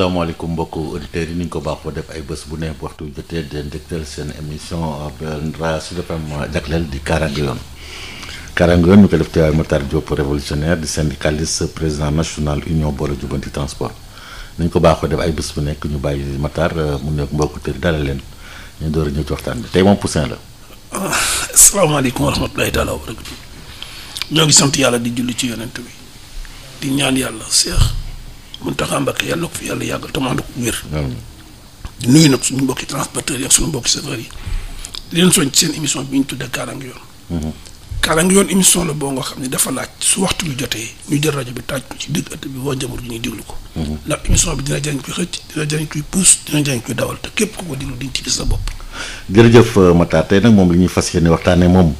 salaamaaleykum mbokk auditeurs yi ni ñu ko baaxoo def ay bés bu ne waxtu bi jotee di leen seen émission Sud FM jagleel di kaaraange yoon kaaraange yoon ñu ko def teewaay Matar Diop révolutionnaire di syndicaliste président national union boole jubanti transport ni ñu ko baaxoo def ay bés bu nekk ñu bàyyi Matar euh, mu nekk mbokk auditeurs yi dalal ñu door a ñëw ci waxtaan bi tey moom Poussin la. Ah, salaamaaleykum wa rahmatulahi taala wa barakatu ñoo sant yàlla di julli ci yonent di ñaan yàlla seex. Mountakha Mbacké yàlla na ko fi yàlla yàggal te mu ànd ko wér. di nuyu nag suñu mbokki transporteurs yi ak suñu mbokki chauffeurs yi leen soñ ci seen émission bi ñu tuddee Kaaraange Yoon. Mhm. Kaaraange Yoon émission la boo nga xam ne dafa laaj su waxtu bi jotee ñu jël rajo bi taaj ci digg ëtt bi woo jamono ji ñuy déglu ko. Mhm. ndax émission bi dina jëriñ kuy xëcc dina jëriñ kuy puus dina jëriñ kuy dawal te képp ku ko déglu di nga ci gis sa bopp. jërëjëf euh, Matar tey nag moom li ñuy fas yéene waxtaanee moom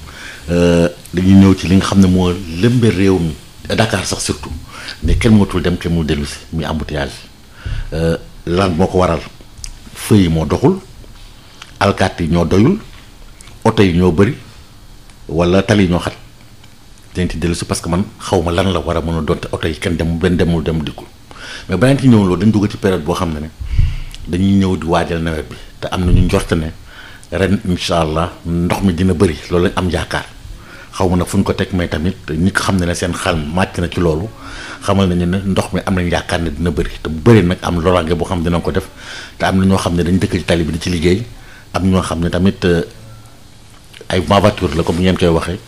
euh, dañuy ñëw ci li nga xam ne moo lëmbe réew mi Dakar sax surtout mais kenn mootul dem kenn mu dellu si muy embouteillage euh, lan moo ko waral feu yi moo doxul alkaati yi ñoo doyul oto yi ñoo bëri wala tali yi ñoo xat dañ ci dellu si parce que man xaw ma lan la war a mën a doon te oto yi kenn dem benn demul dem dikkul mais balaa ñu ci ñëw loolu dañ dugg ci période boo xam ne ne dañuy ñëw di waajal nawet bi te am na ñu njort ne ren incha allah ndox mi dina bëri loolu lañ am yaakaar. xaw ma nag fu ñu ko teg mais tamit ñi ko xam ne ne seen xal màcc na ci loolu xamal nañu ne ndox mi am nañ yaakaar ne dina bëri te bu bëri nag am loraange boo xam dina ko def te am na ñoo xam ne dañ dëkk ci bi di ci liggéey ñoo xam ne tamit euh, ay voiture la comme ngeen koy waxee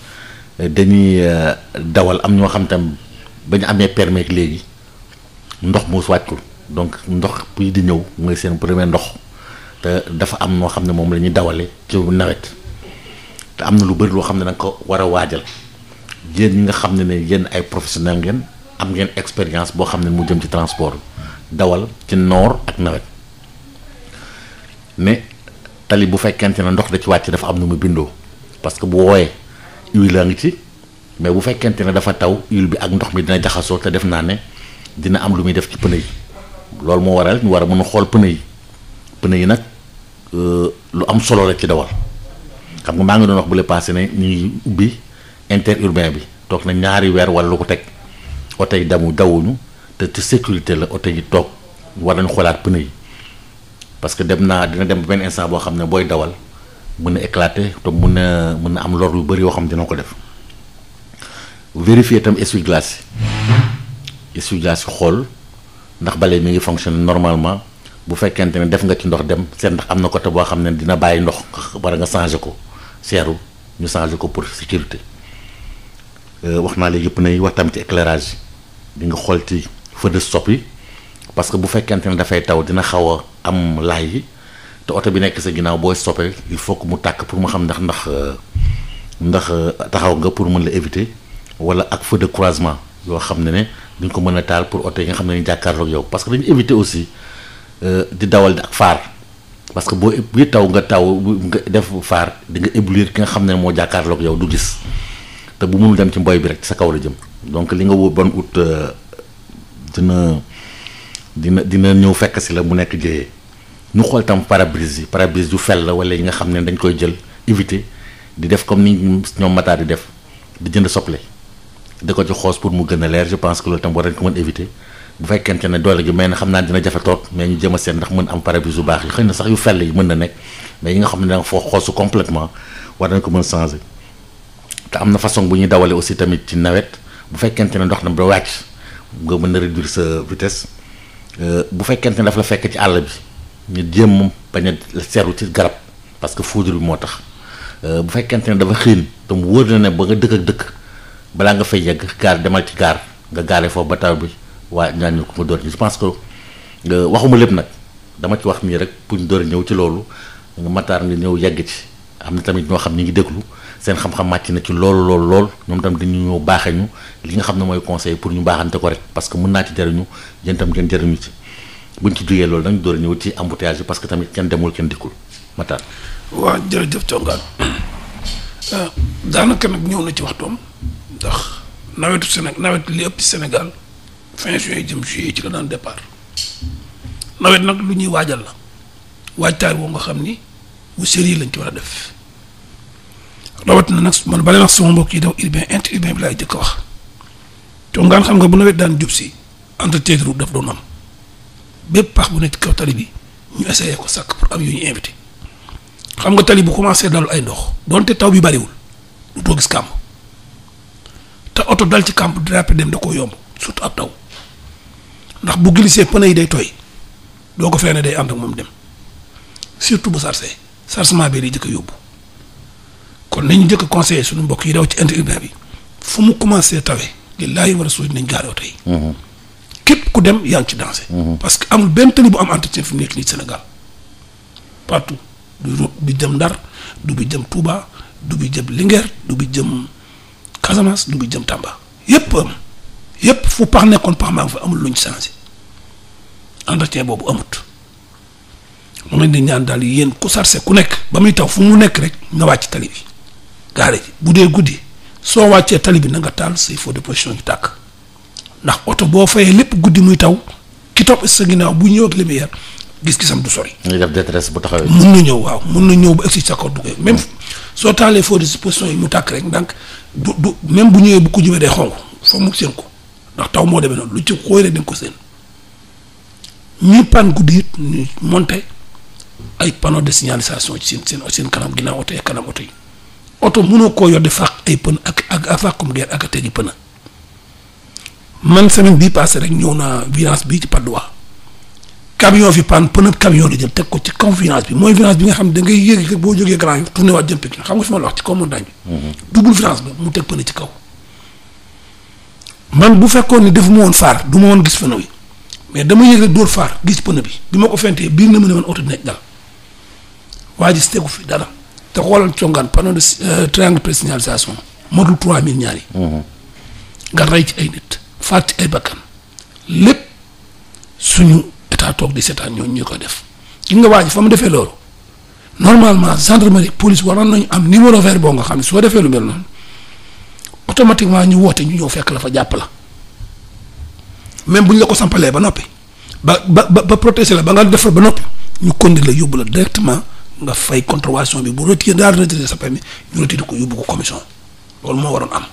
dañuy euh, dawal am ñoo xam tam ba ñu amee permis léegi ndox mu wàccul donc ndox bi di ñëw mooy seen premier ndox te dafa am noo xam ne moom la ñuy dawale ci nawet. am na lu bëri loo xam ne da nga ko war a waajal yéen ñi nga xam ne ne yéen ay professionnel ngeen am ngeen expérience boo xam ne mu jëm ci transport dawal ci noor ak nawet mais tali bu fekkente ne ndox da ci wàcc dafa am nu mu bindoo parce que bu wooyee huile laa ngi ci mais bu fekkente ne dafa taw huile bi ak ndox mi dina jaxasoo te def naa ne dina am lu muy def ci pneu yi loolu moo waral ñu war a mën a xool pneu yi pneu yi nag euh, lu am solo la ci dawal. xam nga maa ngi doon wax bu le passé ne ñu ngi ubbi interurbain bi toog na ñaari weer wala lu ko teg oto yi damu dawuñu te ci sécurité la oto yi toog war nañu xoolaat pneu yi parce que dem naa dina dem benn instant boo xam ne booy dawal mën na éclater te mën na mën na am lor yu bëri yoo xam ne dina ko def vérifier itam essuie-glace yi essuie-glace yi xool ndax bale mi ngi fonctionner normalement bu fekkente ne def nga ci ndox dem seet ndax am na côté boo xam ne dina bàyyi ndox war nga changer ko seeru ñu changé ko pour sécurité euh, wax naa léegi yëpp nay waxtaan ci éclairage bi nga xool ci feu de parce que bu fekkente ne dafay taw dina xaw am laay yi te oto bi nekk sa ginnaaw booy stoppé il faut que mu tàkk pour mu xam ndax ndax euh, ndax euh, taxaw nga pour mën la éviter wala ak feu de croisement yoo xam ne ne dañ ko mën a taal pour oto yi nga xam ne dañuy jàkkaarloog yow parce que dañu éviter aussi di dawal ak faar. parce que boo buy taw nga taw nga def faar di nga éblouir ki nga xam ne moo jàkkaarloog yow du gis te bu mënul dem ci mboy bi rek sa kaw la jëm donc li nga wóor ban ut dina dina dina ñëw fekk si la mu nekk jëyee nu xool tam parabrise yi parabrise yu fel la wala yi nga xam ne dañ koy jël éviter di def comme ni ñoom mataar di def di jënd sople di ko ci xoos pour mu gën a leer je pense que loolu tam war nañ ko mën éviter bu fekkente ne doole gi may na xam naa dina jafe toog mais ñu jëm a seet ndax mën am pare-brise yu baax yi na sax yu fell yi mën na nekk mais yi nga xam ne da nga foo war nañ ko mën changer te am na façon bu ñuy dawale aussi tamit ci nawet bu fekkente ne ndox na ba wàcc nga mën a réduire sa vitesse euh, bu fekkente ne daf la fekk ci àll bi ñu jéem bañ a seeru ci garab parce que foudre bi moo tax euh, bu fekkente ne dafa xiin te mu wóor na ne ba nga dëkk ak dëkk balaa nga fay yegg gaar demal ci gaar nga gaaree foofu ba taw bi waaye ñaan ñu ko ma door ci je pense que euh, waxuma lépp nag dama ci wax nii rek pour door a ñëw ci loolu nga mataar nga ñëw yegg ci am na tamit ñoo xam ñi ngi déglu seen xam-xam màcc na ci loolu loolu lool ñoom tam dañu ñëw baaxee ñu li nga xam ne mooy conseil pour ñu baaxante ko parce que mën naa ci jëriñu yéen tam ngeen jëriñu ci buñ ci jugee loolu dañu door a ñëw ci embouteillage bi parce que tamit kenn demul kenn dikkul mataar waaw jërëjëf Thionga ah, daanaka nag ñëw na ci waxtoom ndax nawetu Sénégal nawetu li ëpp Sénégal fin juin jëm juillet ci la daan départ nawet nag lu ñuy waajal la waajtaay woo nga xam ni bu série lañ ci war a def rawat na nag man bale wax sama mbokk yi daw urbain inter urbain bi laay jëkk wax congaan xam nga bu nawet daan jub si entretien de daf doon am bépp pax bu nekk kaw tali bi ñu essayé ko sàkk pour am yu ñu invité xam nga tali bu commencé dalul ay ndox donte taw bi bariwul du too gis kàmb te oto dal ci kàmb drapé dem da koo yomb surtout ab taw ndax bu glissé pneu yi day tooy doo ko freiné day ànd ak moom dem surtout bu sarcé sarcement bi day jëkk yóbbu kon nañu jëkk conseillé suñu mbokk yi daw ci indi urbain bi fu mu commencé tawe lillaahi wa rasuul nañ gaare oto mhm. képp ku dem yaa ngi ci danger mhm. parce que amul benn tali bu am entretien fi mu nekk partout du jëm Ndar du bi jëm Touba du bi jëm Linguère du bi jëm Casamance du bi jëm Tamba yépp am yépp fu pax nekkoon pax maa ngi fa amul ñu changé entretien boobu amut moom lañ di ñaan daal yéen ku sarse ku nekk ba muy taw fu mu nekk rek nga wàcc tali bi gaare ji bu dee guddi soo wàccee tali bi na nga taal say feu de position ñu tàkk ndax oto boo fayee lépp guddi muy taw ki topp sa ginnaaw bu ñëw ak lumière gis-gisam du sori. ñuy def détresse bu taxawee. mun na ñëw waaw mun na ñëw ba egsi sa ko du koy même soo taalee feu de position yi mu tàkk rek ndànk du du même bu ñëwee bu ko jubee day xonk fa mu seen ko. ndax taw moo demee noonu lu ci xooy rek di ko seen ñuy pan guddi it moonte ay panneau de signalisation ci seen seen seen kanam ginnaaw oto ak kanam oto yi oto mënoo koo yor di fàq ay pën ak ak a fàqum geer ak a tegi a man semaine bii passé rek ñëw naa virage bii ci Padois camion fi pan pën camion la jël teg ko ci kaw virage bi mooy virage bi nga xam ne da ngay yéeg rek boo jógee Grand Yoff tourné waat jëm Pikine xam nga fi ma la ci kaw montagne mm-hmm. mu teg pën ci kaw man bu fekkoon ni def ma woon faar du ma woon gis pneu bi mais dama yëg rek dóor faar gis pneu bi bi ma ko fentee biir na ma a man oto dinañ dal waa ji fi dara te xoolal congaan panneau de euh, triangle présignalisation motul 3000 ñaar yi. Mhm. nga rey ci ay nit. faat ci ay bakkan lépp suñu état toog di seetaan ñooñu ñu koy def gis nga waa ji fa mu defee loolu normalement gendarmerie police waroon nañu am numéro vert boo nga xam ne soo defee lu mel automatiquement ñu te ñu ñoo fekk la fa jàpp la même bu ñu la ko sampalee ba noppi ba ba ba protéger la ba nga defar ba noppi ñu conduire la yóbbu la directement nga fay contravention bi bu retiré daal retiré sa permis ñu retiré ko yóbbu ko commission loolu moo waroon am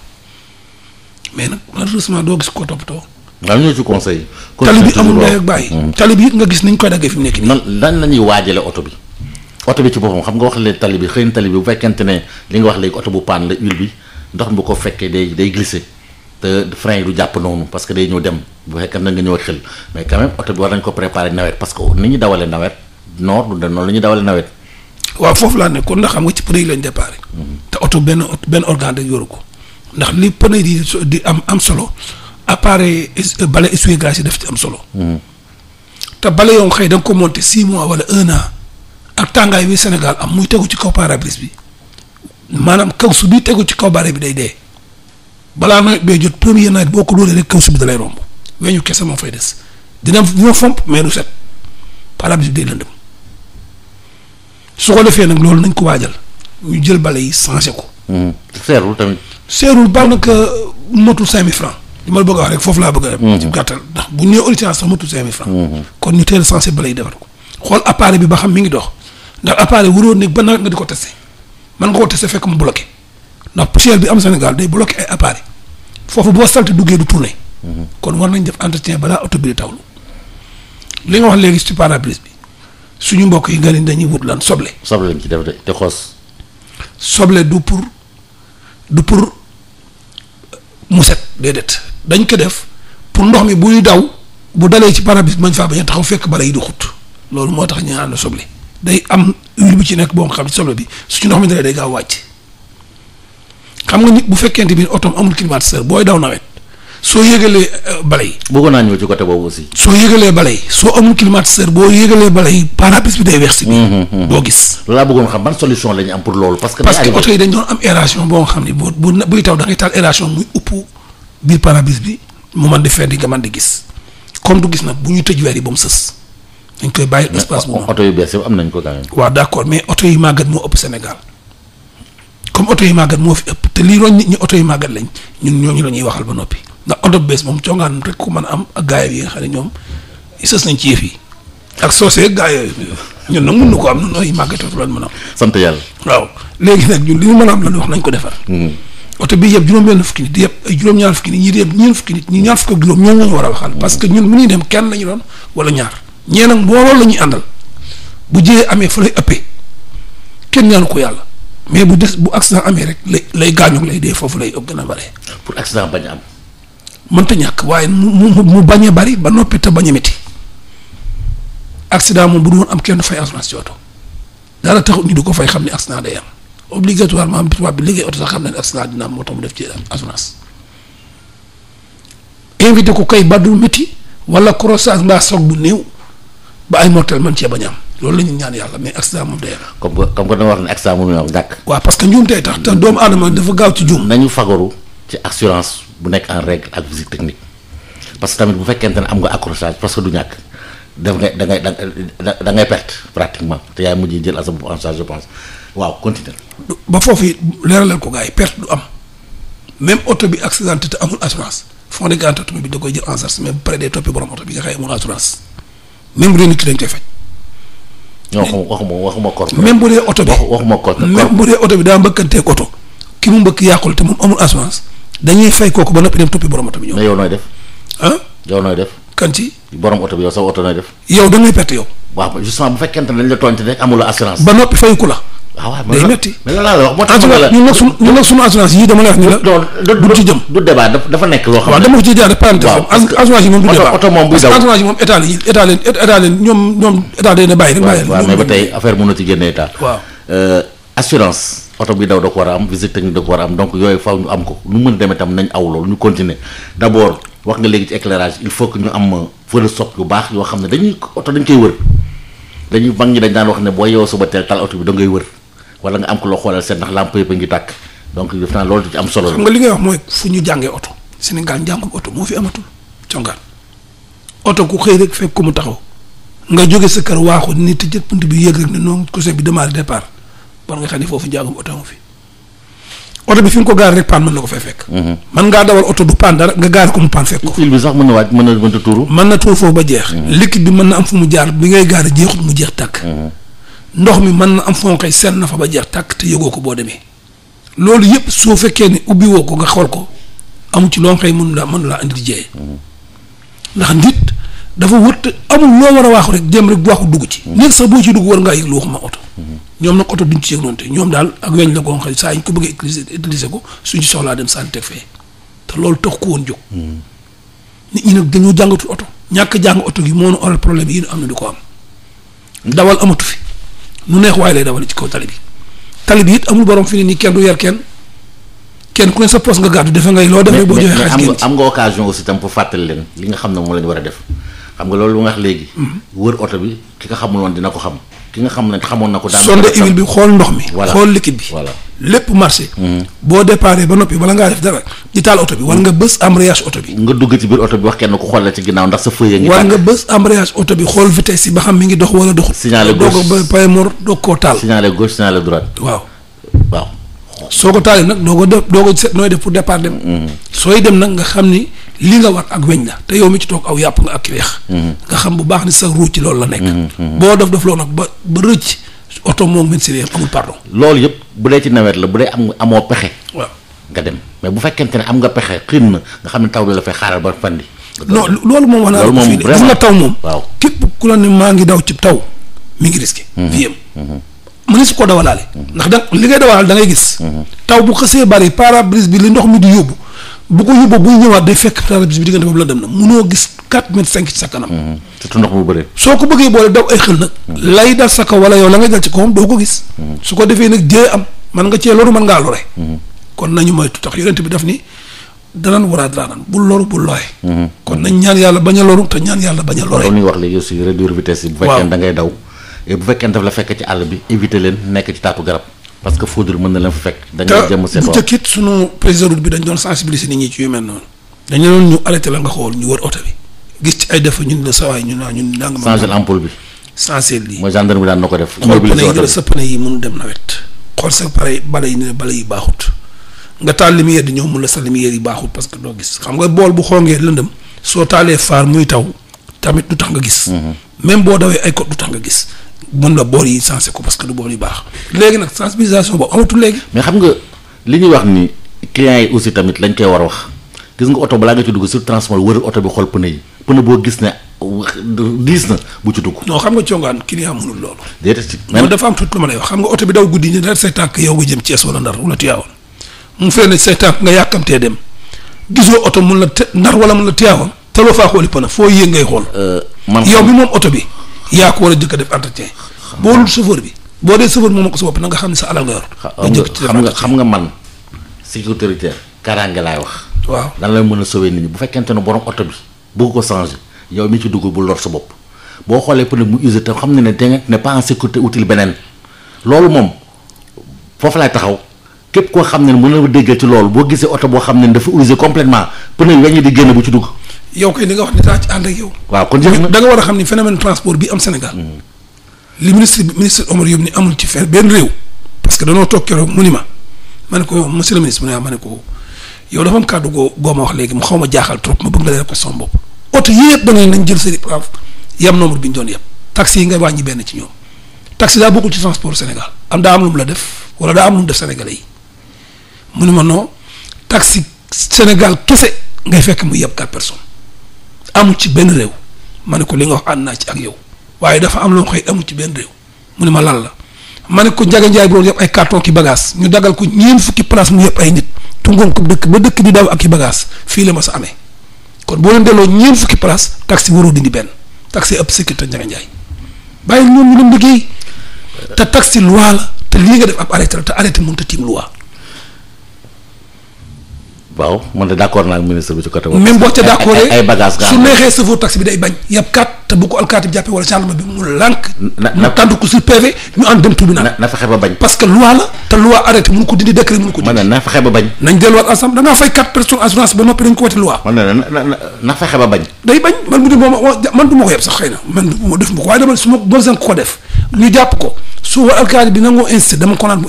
mais nag malheureusement doo gis ko toppatoo. waaw ñoo ci conseil. tali bi amul ndey ak bàyyi. Hmm. tali bi nga gis ni ñu koy daggee fi mu nekk nii. nan nan la ñuy waajalee oto bi oto bi ci boppam xam nga wax leen tali bi xëy na tali bu fekkente ne li wax léegi oto bu paan bi. ndox mi ko fekkee day day glissé te frein yi du jàpp noonu parce que day ñëw dem bu fekkee na nga ñëw xel mais quand même oto bi war nañ ko préparer nawet parce que ni ñu dawalee nawet noor du noonu la ñuy nawet. waaw foofu laa ne kon ndax xam nga ci pneu yi lañ déparé. Mhm. te oto benn benn organe rek yoru ko ndax li pneu di di am am solo appareil euh, balai essuie-glace yi daf ci am solo. Mhm. te bale yoo xëy da ko monter six mois wala un an ak tàngaay bi Sénégal am muy tegu ci kaw bi. maanaam kaw su bi ci kaw bare bi day dee balaa nawet bee jot premier nawet boo ko dóoree rek kaw su bi da lay romb weñu kese moo fay des dina dina fomp mais set pare-brise bi day lëndëm su ko defee nag loolu nañ ko waajal ñu jël bale yi changé ko. Hmm. seerul tamit. seerul baax na que motul cinq mille francs li ma la bëgg a wax rek foofu laa bëgg a dem. Hmm. bu ñu nee urgence sax motul cinq mille francs. Hmm. kon ñu teel a changé bale yi defar ko xool appareil bi ba xam mi ngi dox ndax appareil waroon ne ba nawet nga di ko testé. man nga ko testé fekk mu bloqué ndax poussière bi am Sénégal day bloqué ay appareil foofu boo salte duggee du tourné. Mhm. kon war nañ def entretien balaa oto bi di tawlu. li nga wax léegi ci pare bi suñu mbokk yi nga ne dañuy wut lan soble. soble lañ ci def de te xoos. soble du pour du pour euh, mu set déedéet dañ ko def pour ndox mi buy daw bu dalee ci parabise brise bi mañ faa bañ a taxaw fekk bala yi di xut loolu moo tax ñu naan soble day am. li bu ci nekk boo xam ne solo bi su ci ndox mi dalee day gaaw wàcc xam nga nit bu fekkente bi oto amul climatiseur booy daw nawet soo yëgalee euh, balay. bëggoon naa ñëw ci côté boobu aussi. soo yëgalee balay soo amul climatiseur boo yëgalee balay pare-brise bi day weex si biir. Mm-hmm, mm-hmm. doo gis. loolu laa bëggoon xam ban solution lañu am pour loolu. parce que parce oto yi dañ doon am aération boo xam ne bu bu buy taw da ngay taal aération muy upp biir pare-brise bi mu man di feeñ di nga man di gis comme du gis nag bu ñu tëj weer yi mu sës. dañ koy bàyyi espace boobu mais oto yu bees am nañ ko quand même. waaw d' accord mais oto yu màggat moo ëpp Sénégal comme oto yu màggat moo fi ëpp te lii roñ nit ñi oto yu màggat lañ ñun ñooñu la ñuy waxal ba noppi ndax oto bees moom congaan rek ku mën a am ak gaay yi nga xam ne ñoom sës nañ ci yëf yi ak soosee gaay yooyu ñun nag mën na ko am noonu ay màggat oto lañ mën a am. sant yàlla. waaw léegi nag ñun li ñu mën a am lan wax nañ ko defar. Hmm. oto bi yëpp juróom-benn fukki nit yëpp ay juróom-ñaar fukki nit ñi yëpp ñeent fukki nit ñi ñaar fukk ak juróom ñoom lañu war a waxal hmm. parce que ñun mu ñuy dem kenn lañu doon wala ñaar ñee nag mbooloo la ñuy àndal bu jëyee amee fu lay ëppee kenn ñaanu ko yàlla mais bu des bu accident amee rek lay lay gaañu lay dee foofu lay ëpp gën a bare. pour accident bañ am. mënta ñàkk waaye mu mu mu bañ a bari ba noppi te bañ a métti accident moom bu du am kenn fay assurance ci oto dara taxut ñu du ko fay xam ne accident day am obligatoirement tubaab bi liggéey oto sax xam ne accident dina am moo tax mu def ci assurance invité ko kay ba wala croissance mbaa soog bu néew. ba ay mortel man cee bañ am loolu la ñuy ñaan yàlla mais accident moom day am. comme comme que da nga wax ne accident moom la ñu ñàkk. waaw parce que njuum tey tax te doomu aadama dafa gaaw ci juum. nañu fagaru ci assurance bu nekk en règle ak visite technique parce que tamit bu fekkente ne am nga accrochage parce que du ñàkk def nga da ngay da ngay perte pratiquement te yaay mujj jël à sa bopp en charge je pense waaw continuer. ba foofu it leeralal ko gars yi perte du am même oto bi accidenté te amul assurance fond de garantie oto bi da koy jël en charge mais bu paree day toppee borom oto bi nga xëy amul assurance. même bu dee nit ki dañ koy faj. waxuma waxuma corporate. même bu dee oto bi waxuma corporate. même bu dee oto bi daa mbëkkanteeg oto ki mu mbëkk yàqul te moom amul assurance dañuy fay kooku ba noppi dem toppi borom oto bi ñëw. mais yow nooy def. ah yow nooy def. kan ci. borom oto bi yow sa oto nooy def. yow da ngay perte yow. waaw justement bu fekkente ne dañ la tooñ te rek amul assurance. ba noppi fayu la. waaw ah waaw day métti mais loolu laa la wax moo tax la ñun nag suñu ñun suñu assurance yii dama lay wax ni la xam ne dama ko ci jaar parenthèse assurance yi ko war a am visite technique war a yooyu faaw ñu am ko nu mën a demee tam nañ aw loolu ñu continuer euh, xam ne dañuy oto dañ koy wër dañuy mag ñi dañ daan wax ne boo yeewoo suba teel tal oto bi da ngay wër wala nga am ko loo xoolal seen ndax lamp yëpp a ngi tàkk donc def loolu am solo la. xam nga li wax mooy fu ñu jàngee oto. Sénégal njàngum oto moo fi amatul congaan oto ku xëy rek fekk ko mu taxaw nga jóge sa kër waaxu nit te jël punt bi yëg rek ne noonu coussin bi démarré départ war nga xam ne foofu njàngum oto amu fi oto bi fi nga ko gaar rek paan mën na ko fay fekk. Mhm. mën ngaa dawal oto du paan dara nga gaar ko mu paan fekk ko. fil bi sax mën na waaj mën na mën na tuuru. mën na tuuru foofu ba jeex. Mhm. liquide bi mën na am fu mu jaar bi ngay gaar jeexut mu jeex tàkk. Mhm. ndox mi mën na am fonkoy seet na fa ba jeex tàkk te yëgoo ko boo demee loolu yëpp soo fekkee ne ubbi woo ko nga xool ko amu ci loo xëy mënu laa mënu laa andi jiyee ndax nit dafa wërta amul loo war a waaxu rek jëm rek waaxu dugg ci nekk sax boo ci dugg war ngaa yëg lu waxuma oto ñoom nag oto duñ ci yëg noonu te ñoom daal ak weñ la goo xëy saa ñu ko bëggee utiliser utiliser ko suñu soxlaa dem sànni teg fee te loolu tax ko woon jóg nit ñi nag dañoo oto ñàkk jàng oto gi moo nu oral problème yi am na di ko am dawal amatu fi nu neex waaye lay dawal ci kaw tali bi tali bi it amul borom fi ne nii kenn du yar kenn kenn ku ne sa poos nga gàddu defe ngay loo defee. boo joxee xaalis mais am nga occasion aussi tam pour fàttali leen li nga xam ne moom la ñu war a def xam nga loolu lu nga wax léegi. Mhm. wër oto bi ki nga xamul woon dina ko xam. ki nga xam ne xamoon na ko. daal sonde huile bi xool ndox mi. xool liquide bi. lépp marché. Hmm. boo déparé ba noppi bala ngaa def dara di taal oto bi war nga bës embrayage oto bi. nga dugg ci biir oto bi wax kenn ku xool la ci ginnaaw ndax sa feuille ngi war nga bës embrayage oto bi xool vitesse ba xam mi ngi dox wala doxul. signalé gauche doog a pay mor doog koo taal. signalé droite. waaw soo ko taalee nag doo ko def doo ko seet nooy def pour départ dem. Hmm. sooy dem nag nga xam ni. li nga war ak weñ la te yow mi ci toog aw yàpp nga ak ki weex mhm. nga xam bu baax ni sa ruuc ci loolu la nekk mhm, mhm. boo def def loolu nag oto moom mën si réer amul pardon loolu yëpp bu dee ci nawet la bu dee am amoo pexe waaw nga dem mais bu fekkente ne am nga pexe xiin na xam ne taw bi la fay xaaral ba fandi non loolu moom wax naa fii de nga taw moom waaw képp ku la ne maa ngi daw ci taw mi ngi risqué fii yam mënees su ko dawalaale ndax da li ngay dawalaale da ngay gis taw bu xësee bari pare-brise bi li ndox mi di yóbbu bu ko yóbboo bu ñëwaat day fekk trapèze bi diggante boobu la dem na munoo gis 4 mètre 5 ci sa kanam. Mm-hmm. surtout ndox bu bëree. soo ko bëggee boole daw ay xel nag. Mm-hmm. lay dal sa kaw wala yow la nga dal ci kawam doo ko gis. Mm-hmm. su ko defee nag jëye am man nga cee loru mën ngaa lore. kon nañu moytu tax yonent bi daf ni danan waraat daanan bul loru bul looy. kon nañ ñaan yàlla bañ a loru te ñaan yàlla bañ a lore. loolu ñuy wax léegi aussi réduire bu fekkee da ngay daw bu daf la fekk ci àll bi éviter leen nekk ci taatu garab. parce que foudre mën na leen fa fekk. dañoo jëm seen bopp te bu njëkk it sunu président bi dañ doon sensibiliser nit ñi ci yu mel noonu. dañu doon ñu arrêté nga xool ñu wër oto bi gis ci ay def ñun la sawaay ñun naa ñun. nangam na ko def. xool bi li sa pneu yi mun dem nawet. xool sa pare bala yi ne bala yi baaxut nga taal lumière di ñëw mun la sa lumière yi baaxut parce que doo gis xam nga bool bu xongee lëndëm soo taalee faar muy taw tamit du tax nga gis. Mhm. même boo dawee ay code tax nga gis mën la boor yi sensé ko parce que du boor yu baax léegi nag sensibilisation boobu amatul léegi. mais xam nga li ñuy wax ni clients yi aussi tamit lañ koy war a wax gis nga oto balaa nga ci dugg sur transport wëral oto bi xool pneu yi na bu ci dugg. non xam nga congaan client mënul loolu. déedéet ci man am tuuti lu ma lay wax xam nga oto bi daw guddi nga jëm Thiès wala Ndar wala Tivaouane oto mun la Ndar wala mun la Tivaouane te loo faa xooli pneu foo yéeg ngay xool. Euh, man yow bi moom oto bi. yaa ko war a jëkk def entretien. boo dul chauffeur bi boo dee chauffeur moom moo ko sa bopp na nga xam ne sa alal nga yor. nga jëkk ci xam nga man. sécurité routière laay wax. waaw lan la mën a sauver nit bu fekkente ne borom oto bi ko changer yow mi ci dugg sa bopp boo xoolee pneu mu usé te xam ne ne danga ne pas en sécurité beneen loolu moom foofu laay taxaw képp koo xam ne mën na déggee loolu boo gisee oto boo xam ne dafa usé complètement pneu weñ di génn bu ci dugg yow kay li nga wax ne daa ci ànd ak yow. waaw kon jërëjëf war a xam ni phénomène transport bi am Sénégal. Hmm. li ministre ministre Omar Youm ni amul ci fer benn réew. parce que danoo toog keroog mu ni ma ma ne ko monsieur le ministre mu ne ma ne ko yow dafa am kàddu goo goo ma wax léegi mu xaw ma jaaxal trop ma bëgg nga leeral ko sama bopp. oto yëpp da nañ jël seen i yam nombre bi ñu doon yem. taxi yi ngay wàññi benn ci ñoom. taxi daa bokkul ci transport Sénégal. am daa mu la def wala daa am lu mu mu ne ma non taxi Sénégal kese ngay fekk mu yeb quatre amu ci benn réew ma ne ko li nga wax ànd naa ci ak yow waaye dafa am loo xëy amu ci benn réew mu ne ma lan la ma ne ko Njaga Njaay bu doon yëpp ay carton ki bagage ñu dagal ko ñeent fukki place mu yëpp ay nit tungoon ko dëkk ba dëkk bi daw ak i bagage fii la ma sa amee kon boo leen delloo ñeent fukki place taxi waroo dindi benn taxi ëpp sécurité Njaga Njaay bàyyi ñoom ñu dem liggéey te taxi loi la te lii nga def ab arrêté la te arrêté mënut waaw man de d' accord naa ak ministre bi ci côté. même boo ca bu ko alkaati bi te loi arrêté man de na fexe ba bu dee moom man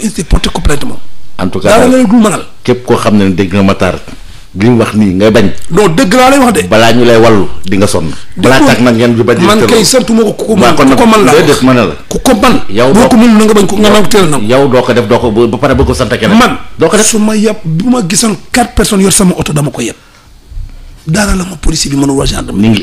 du en tout cas daal dul mënal képp koo xam ne dégg nga Matar li dëgg laa wax balaa ñu lay wallu nga sonn. balaa tax nag ngeen ju bañ. man kay sant ma ko ku ko man ku ko man laa wax la. ku ko man. doo ko mën na nga bañ ko nga nangu teel nangu. yow doo ko def doo ko ba pare ko sant keneen. man doo ko def su ma yab dama ko yeb.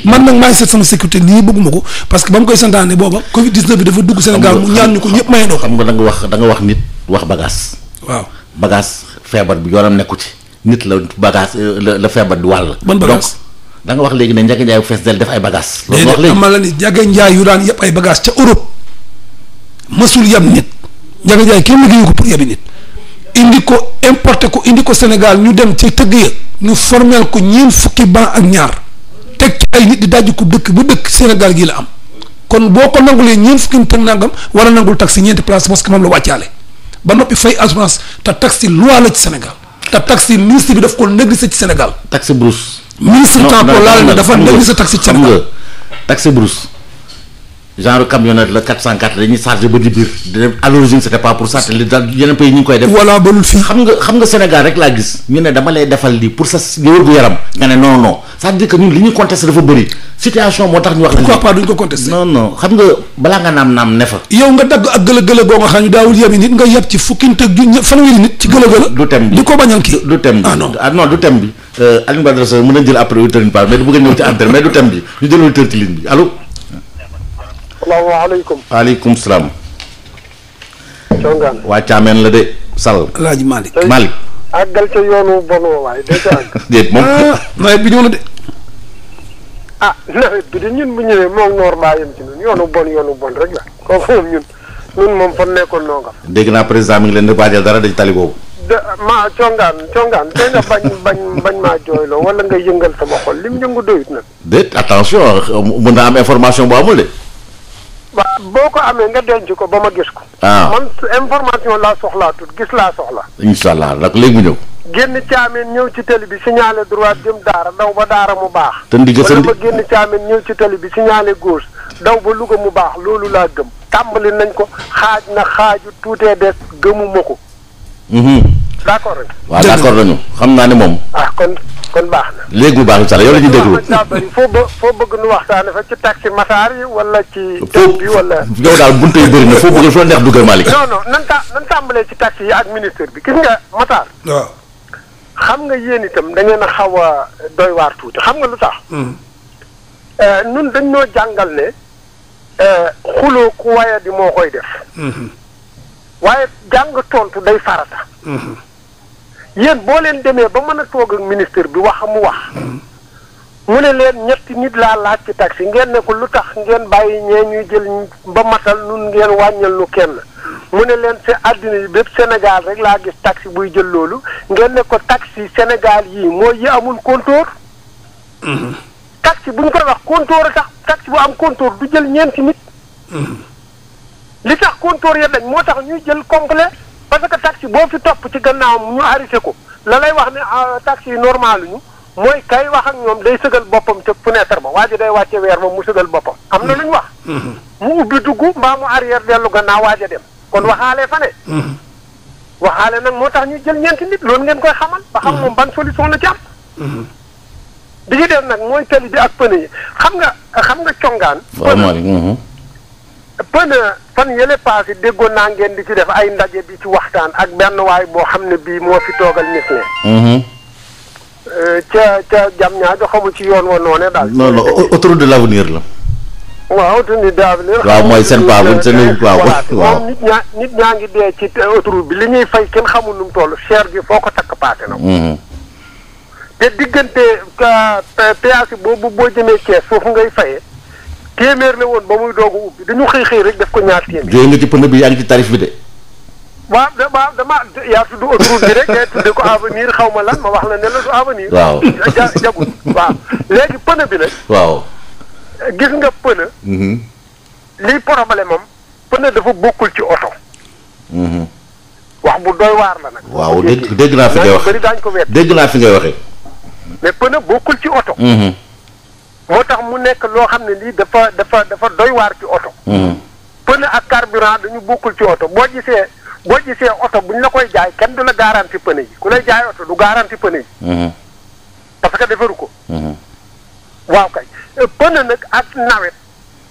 man nag maa ngi sama sécurité nii bëgguma ko parce que ba mu koy santaane booba Covid 19 bi dafa dugg Sénégal mu ñaan ñu ko ñëpp mayandoo. xam nga da wax da wax nit wax bagage. waaw bagage feebar bi yoonam nekku ci nit la bagage euh, la feebar di wàll. ban bagage donc da wax léegi ne Ndiaga Ndiaye bu fees def ay bagage loolu wax léegi amal na ni Ndiaga Ndiaye yu daan yëpp ay bagage ca Europe masul yem nit Ndiaga Ndiaye kenn liggéeyu ko pour yebi nit indi ko importé ko indi ko Sénégal ñu dem ci tëgg ya ñu formel ko ñeent fukki ban ak ñaar teg ci ay nit di daj ko dëkk ba dëkk Sénégal gii la am kon boo ko nangulee ñeent fukki nit ak nangam a nangul taxi ñeenti place parce que la wàccaale ba noppi fay assurance te taxe yi la ci Sénégal te taxe yi ministre bi daf ko négligé ci Sénégal. taxe brousse. ministre temps ko laal na dafa négligé taxe ci Sénégal. taxe brousse. genre camionnette la 404 dañuy chargé ba di biir di def à l'origine c'était pas pour ça te li daal yeneen pays ñu ngi koy def. voilà ba fii xam nga xam nga Sénégal rek laa gis ñu ne dama lay defal lii pour sa wér-gu-yaram nga ne non non c'est-à-dire que li ñu contesté dafa bëri situation moo tax ñu wax. nga balaa nga naam naam ne yow nga dagg ak gëlëgëlë goo nga xam ne daawul yem nit nga yeb ci fukki nit ak nit. ci gëlëgëlë du du thème ah, ah, euh, a ñëw ci antenne mais du thème bi ñu jël auditeur salaamaaleykum. waaleykum salaam. Thiongaan. waa Thiamène la de sal El Hadj Malick Malick. àggal ca yoonu bon waaye day ca àgg. déet moom ah, nawet bi ñëw de. ah nawet bi de ñun bu ñëwee moom noor baa ci ñun yoonu bon yoonu bon rek la kooku moom ñun ñun moom fan nekkoon noo dégg naa président mu ngi leen di waajal dara dañ tali boobu. de maa congaan congaan te nga bañ bañ maa jooyloo wala nga yëngal sama xol lim yëngu doyut nag. déet attention mën naa am information bu amul de. waaw boo ko amee nga denc ko ba ma gis ko. Ah. man information laa soxlaa tut gis laa soxla. incha allah nag léegi mu ñëw. génn caameen ñëw ci tali bi signalé droite jëm daara daw ba daara mu baax. tënd jëfandikoo wala ma génn caameen ñëw ci tali bi signalé gauche daw ba Louga mu baax loolu laa gëm. tàmbali nañ ko xaaj na xaaju tuutee des gëmuma ko. Mhm. d' accord. waaw d' accord nañu xam naa ne moom. ah kon. kon baax na léegi mu baax incha allah yow la ñuy déglu. foo bë foo bëgg nu waxtaanee fa ci taxi masaar yi wala ci. dëkk bi wala yow daal bunte yu bëri na foo bëgg soo neex dugal Malick. non non nan ta ci taxi yi ak ministre bi ki nga Matar. waaw xam nga yéen itam da ngeen a xaw a doy waar tuuti xam nga lu tax. nun hmm. euh, dañ ñoo jàngal ne. Euh, xuloo ku waaye di moo koy def. Hmm. waaye jàng tontu day farata. Hmm. yéen boo leen demee ba mën a toog ak ministre bi wax amu wax mu ne leen ñetti nit laa laaj ci taxi ngeen ne ko lu tax ngeen bàyyi ñee ñuy jël ba matal nun ngeen wàññal nu kenn mu ne leen ci àddina yi bépp Sénégal rek laa gis taxi buy jël loolu ngeen ne ko taxi Sénégal yi mooy yi amul compteur mhm. taxi bu ñu koy wax compteur a tax taxi bu am compteur du jël ñeenti nit mhm. li tax compteur ya dañ moo tax ñuy jël complet parce que taxi boo fi topp ci gannaawam ñu arrêté ko la lay wax ne ah, taxi yi normal ñu mooy kay wax ak ñoom day sëgal boppam ca fenêtre ba waa ji day wàcce weer moom mu sëgal boppam. am na lu ñu wax. Mm-hmm. mu ubbi dugg mbaa mu arrière dellu gannaaw waaj a dem. kon mm-hmm. waxaalee fa ne. Mm-hmm. waxaale nag moo tax ñu jël ñeenti nit loolu ngeen koy xamal. ba xam moom ban solution la ci am. di ñu def nag mooy tali bi ak pneu yi xam nga xam nga congaan. waaw peu de fan yële passé déggoon naa ngeen di ci def ay ndaje bi ci waxtaan ak benn waay boo xam ne bii moo fi toogal ñis ne ca ca jam ñaa xamul ci yoon wa noone daal non non de l'avenir la waaw autoroute de l'avenir waaw mooy seen paa seen nit ñaa nit ñaa ngi dee ci autoroute bi li ñuy fay kenn xamul nu mu toll gi foo ko takk passé na te diggante péage boobu boo jëmee Thiès foofu ngay fayee téeméer la woon ba muy doog ubbi dañu xëy xëy rek def ko ñaar téeméer. jógee nga ci pënd bi yaa ngi ci tarif bi de. waaw dama dama yaa tudd autoroute bi rek ngay tudd ko avenir xaw ma lan ma wax la ne la du avenir. waaw ja jagul léegi pënë bi nag. waaw. gis nga pënë. Mm-hmm. liy problème am pënë dafa bokkul ci oto. Mm-hmm. wax bu doy waar la nag. waaw dégg naa fi ngay wax dégg naa fi ngay waxee. mais pënë bokkul ci oto. Mm-hmm. moo tax mu nekk loo xam ne lii dafa dafa dafa doy waar ci oto. Hmm. pneu ak carburant dañu bokkul ci oto boo gisee boo gisee oto bu buñ la koy jaay kenn du la garanti pneu yi ku lay jaay oto du garanti pneu yi. Hmm. parce que defaru ko. Hmm. waaw kay euh, pneu nag ak nawet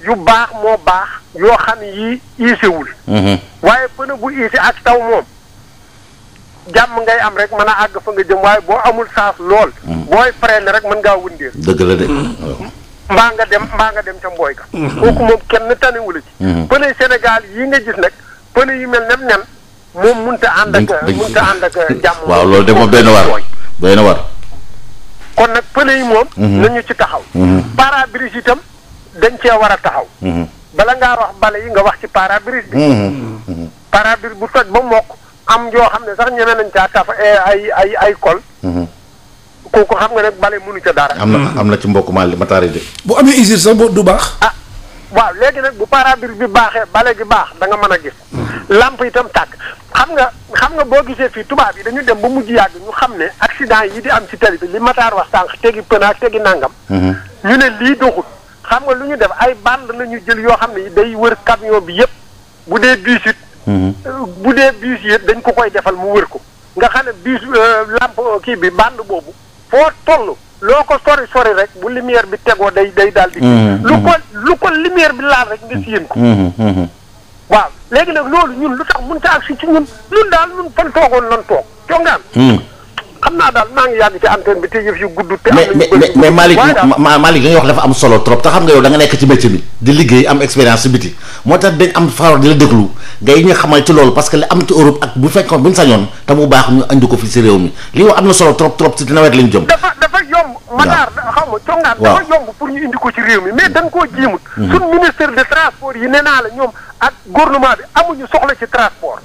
yu baax moo baax yoo xam ne yii iisewul. waaye pneu bu iise ak taw moom. jàmm ngay am rek mën a àgg fa nga jëm waaye boo amul saas lool. Mm. booy freiné rek mën ngaa wëndeel. dëgg la de. Mm. mbaa nga dem mbaa nga dem ca mbooy ga. Mm. kooku moom kenn tanewu la ci. pëne yi nga gis nag pëne yu mel nem nen moom munta ànd ak munta ànd ak jàmm. waaw loolu de moom benn war benn war. kon nag pëne yi moom. Mm-hmm. nañu ci taxaw. Mm-hmm. pare-brise itam dañ cee war a taxaw. Mm-hmm. bala ngaa wax bale yi nga wax ci pare-brise bi. pare-brise bu toj ba mokk. am yoo xam ne sax ñeme nañ caa taf eh, ay ay ay kol. Mhm. kooku xam nga nag bale mënu ca dara. am na am na ci li maa mataari de. bu amee usure sax du baax. ah waaw léegi nag bu pare-brise bi baaxee bale gi baax da nga mën a gis. Mhm. lamp yitam tàkk xam nga xam nga boo gisee fii tubaab yi dañu dem ba mujj yàgg ñu xam ne accident yi di am ci tali li mataar wax sànq tegi pëna ak tegi nangam. Mhm. ñu ne lii doxut xam nga lu ñu def ay bande la ñu jël yoo xam ne day wër camion bi yëpp bu dee 18. bu dee biis yi dañ ko koy defal mu wér ko nga xam ne biis euh, lampe euh, kii bi bànd boobu foo toll loo ko sori sori rek bu lumière bi tegoo day day daal mhm. lu ko mhm. lu ko lumière bi laal rek nga siyén ko mhm. waaw léegi nag loolu ñun lu tax mun ak si ci ñun ñun daal ñun fan toogoon lan toog congaan am naa daal maa ngi yàgg ci antenne bi te yëf yu gudd. te am mais mais mais Malick Malick li nga wax dafa am solo trop te xam nga ci loolu parce que am ci Europe ak te ko fii si réew nawet lañ jëm. dafa dafa yomb. manaar xaw ma congaan dafa yomb pour ñu indi ko ci réew mi mais dañ koo jéemut. Mhm. suñ ministère de transport yi nee naa la ñoom ak gouvernement bi amuñu soxla ci transport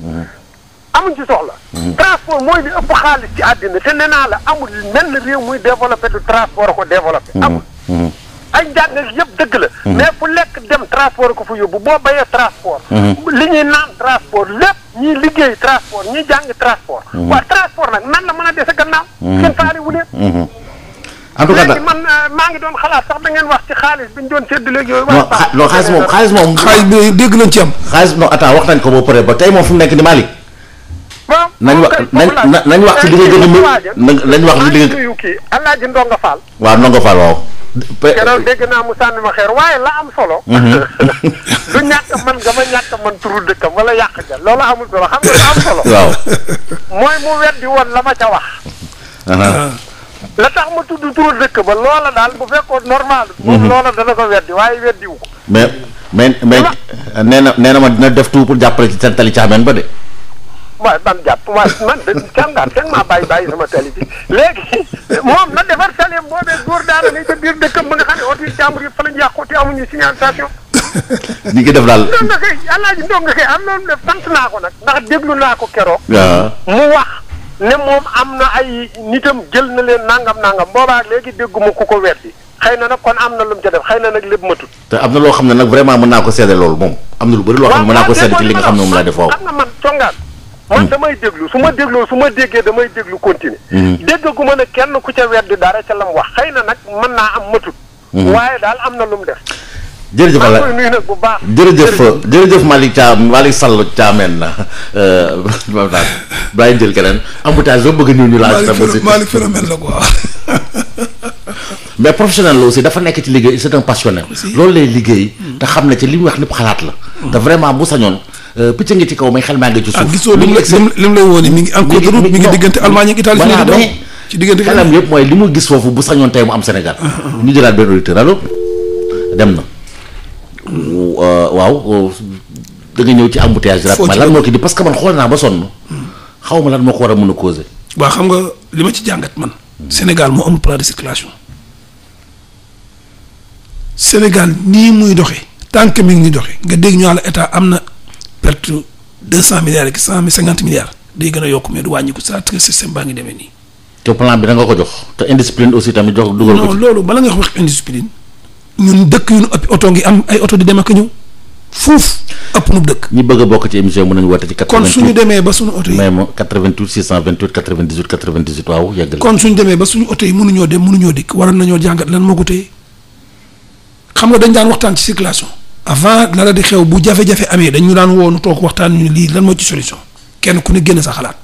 mhm. amuñ ci soxla. transport mooy li ëpp xaalis ci àddina te nee naa la amul menn réew muy développé du transport ko développé. Mm-hmm. amul ay njàng yëpp dëkk la. Mm-hmm. mais fu lekk dem transport ko fu yóbbu boo bayee transport. Mm-hmm. li ñuy naan transport lépp ñuy liggéey transport ñuy jàng transport. waa transport nag nan la mën a dese gannaaw. kenn faale wu leen. léegi euh, maa ngi doon xalaat sax da ngeen wax ci xaalis bi ñu doon séddale yooyu. non xaalis moom xaalis moom. xaalis bi dégg nañ ci am. xaalis non moom fu mu nekk ni nañ wax nañ wax ci li nga gën a mën wax ci li nga. nuyu kii Alaaji Ndonga Fall. waaw Ndonga Fall waaw. mu sànni ma xeer waaye la am solo. Mhm. du ñàkk man nga ma ñàkk man turu dëkkam wala yàq ja amul solo xam nga lu am solo. waaw mooy mu la ma ca wax. la tax ma tudd turu dëkk ba loola daal bu fekkoon normal. moom mhm. loola dana ko weddi waaye weddiwu ko. mais mais mais nee na nee na ma dina def tout pour jàppale ci seen tali caamen ba de. waaye ban jàpp waaye man de càngaat teg maa bàyyi bàyyi sama tali bi léegi moom na defar taleem boobee góor daara ne ca biir dëkkam ba nga xam ne oto yi jàmbur yi fa lañ yàqu te amuñu signalisation. ñu ngi def daal ndóog nga koy alaaji nga koy am loolu de sant naa ko nag ndax déglu naa ko keroog. mu wax ne moom am na ay nitam jël na leen nangam nangam boobaa léegi dégguma ku ko weddi xëy na nag na lu mu ca na nag lépp am na loo xam ne nag vraiment mën naa ko seede loolu moom am na lu bëri loo xam ne mën naa ko seede ci li nga xam ne moom laa def waaw xam nga man congaan Ah, man hmm. damay déglu su ma dégloo su ma déggee damay déglu continuer hmm. dégg gu ma ne kenn ku ca weddi dara ca lam wax xëy na nag mën naa am matut hmm. waaye daal am na lu mu def jërëjëf ala jërëjëf jërëjëf Malick Thiam Malick Sall Thiamène euh, na ma daal bàyyi jël keneen embouteillage boo bëgg ñëw ñu laaj. Malick phénomène la quoi. mais professionnel la nekk ci liggéey c'est un passionné loolu lay liggéey hmm. te xam ne ci li mu wax lépp xalaat la hmm. te vraiment bu sañoon euh, picc ngi ci kaw may xel maa ngi ci suuf ah, gisoo li mu lay woo ni mi ngi en cours ngi am Sénégal ah, ah, dem na hmm. euh, waaw euh, da nga ñëw ci embouteillage rap ma lan moo ko di parce que man xool naa ba sonn xaw ma lan moo ko war a mën a causer waa xam nga li ma ci jàngat man Sénégal moo am plan de circulation Sénégal nii muy doxe tant que mi ngi doxee nga dégg ñu la état am na perte deux cent milliards ak gën a yokk mais du wàññiku saa te système baa ngi demee nii. te plan bi da ko jox te indiscipline aussi tamit jox dugal ko. loolu bala nga wax indiscipline ñun dëkk yu nu ëpp oto ngi am ay oto di dem ak ñëw foofu ëpp nu dëkk. ñi bëgg a bokk ci émission mën nañu woote ci. 88 kon suñu demee ba suñu oto yi. may ma 88 628 98 98 waaw yàgg la. kon suñu demee ba suñu oto yi mënuñoo dem mënuñoo dikk waroon nañoo jàngat lan moo ko téye xam nga dañ daan waxtaan ci circulation. avant la di xew bu jafe-jafe amee dañ ñu daan woo nu toog waxtaan ñu ne lii lan moo ci solution kenn ku ne génn sa xalaat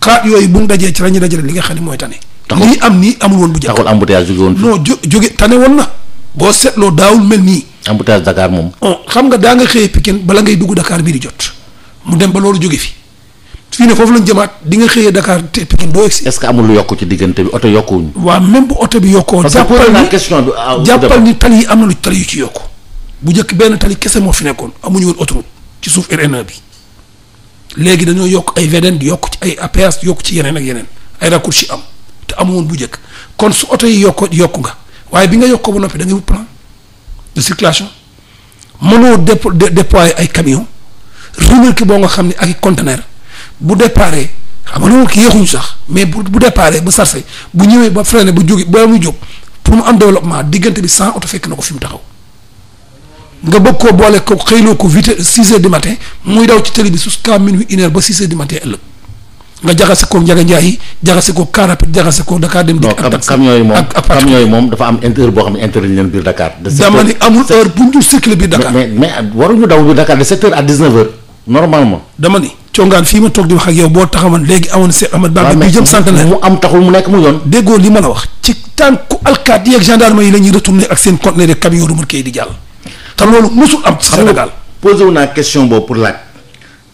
xalaat yooyu bu ñu dajee ci la ñuy dajale li nga xam ne mooy tane. lii am nii amul woon bu jëkk. taxul embouteillage jóge woon non jo jóge tane woon na. boo seetloo daawul mel nii. embouteillage Dakar moom. on oh, xam nga daa nga xëyee Pikine bala ngay dugg Dakar bii di jot mu dem ba loolu jóge fi. fii ne foofu lañ jëmaat di nga xëyee dakaar te Pikine doo egsi. est-ce amul yokk ci diggante bi oto yokkuwuñ. waaw même bu oto bi yokkoo. jàppal ni question bi ah, jàppal ni tali yi am na lu tali yu ci yokku bu jëkk benn tali kese moo fi nekkoon amuñu woon autoroute ci suuf rn bi léegi dañoo yokk ay VDN di yokk ci ay APS yokk ci yeneen ak yeneen ay raccourci am te amu bu njëkk kon su oto yi yokk yokk nga waaye bi nga yokkoo ba noppi da nga wut plan de circulation mënoo déployer ay camions boo nga xam ne ak i bu déparé xam nga loolu kii yéexuñu sax mais bu bu déparé ba sarse bu ñëwee ba freiné ba jóge boo mu jóg pour mu am développement diggante bi sans oto fekk na ko fi mu taxaw nga bëgg koo boole ko xëyloo ko huit heures six heures du matin muy daw ci télé bi jusqu'à ko Ndiaga Ndiaye yi jaxase ko camion yi moom dafa am heure boo xam ne interdit leen biir Dakar. de dama ni amul heure bu ñu circuler biir Dakar. mais waruñu daw biir Dakar de sept heures à normalement. congaan fi ma toog di wax ak yow boo taxawoon léegi amoon Cheikh Ahmad Bamba bi jëm centenaire mu am taxul mu nekk mu yoon déggoo li ma la wax ci tànku alkaati yi ak gendarme yi la ñuy retourné ak seen conteneur de camion remorqué yi di jàll te loolu musul am ci Sénégal posé wu naa question boobu pour laaj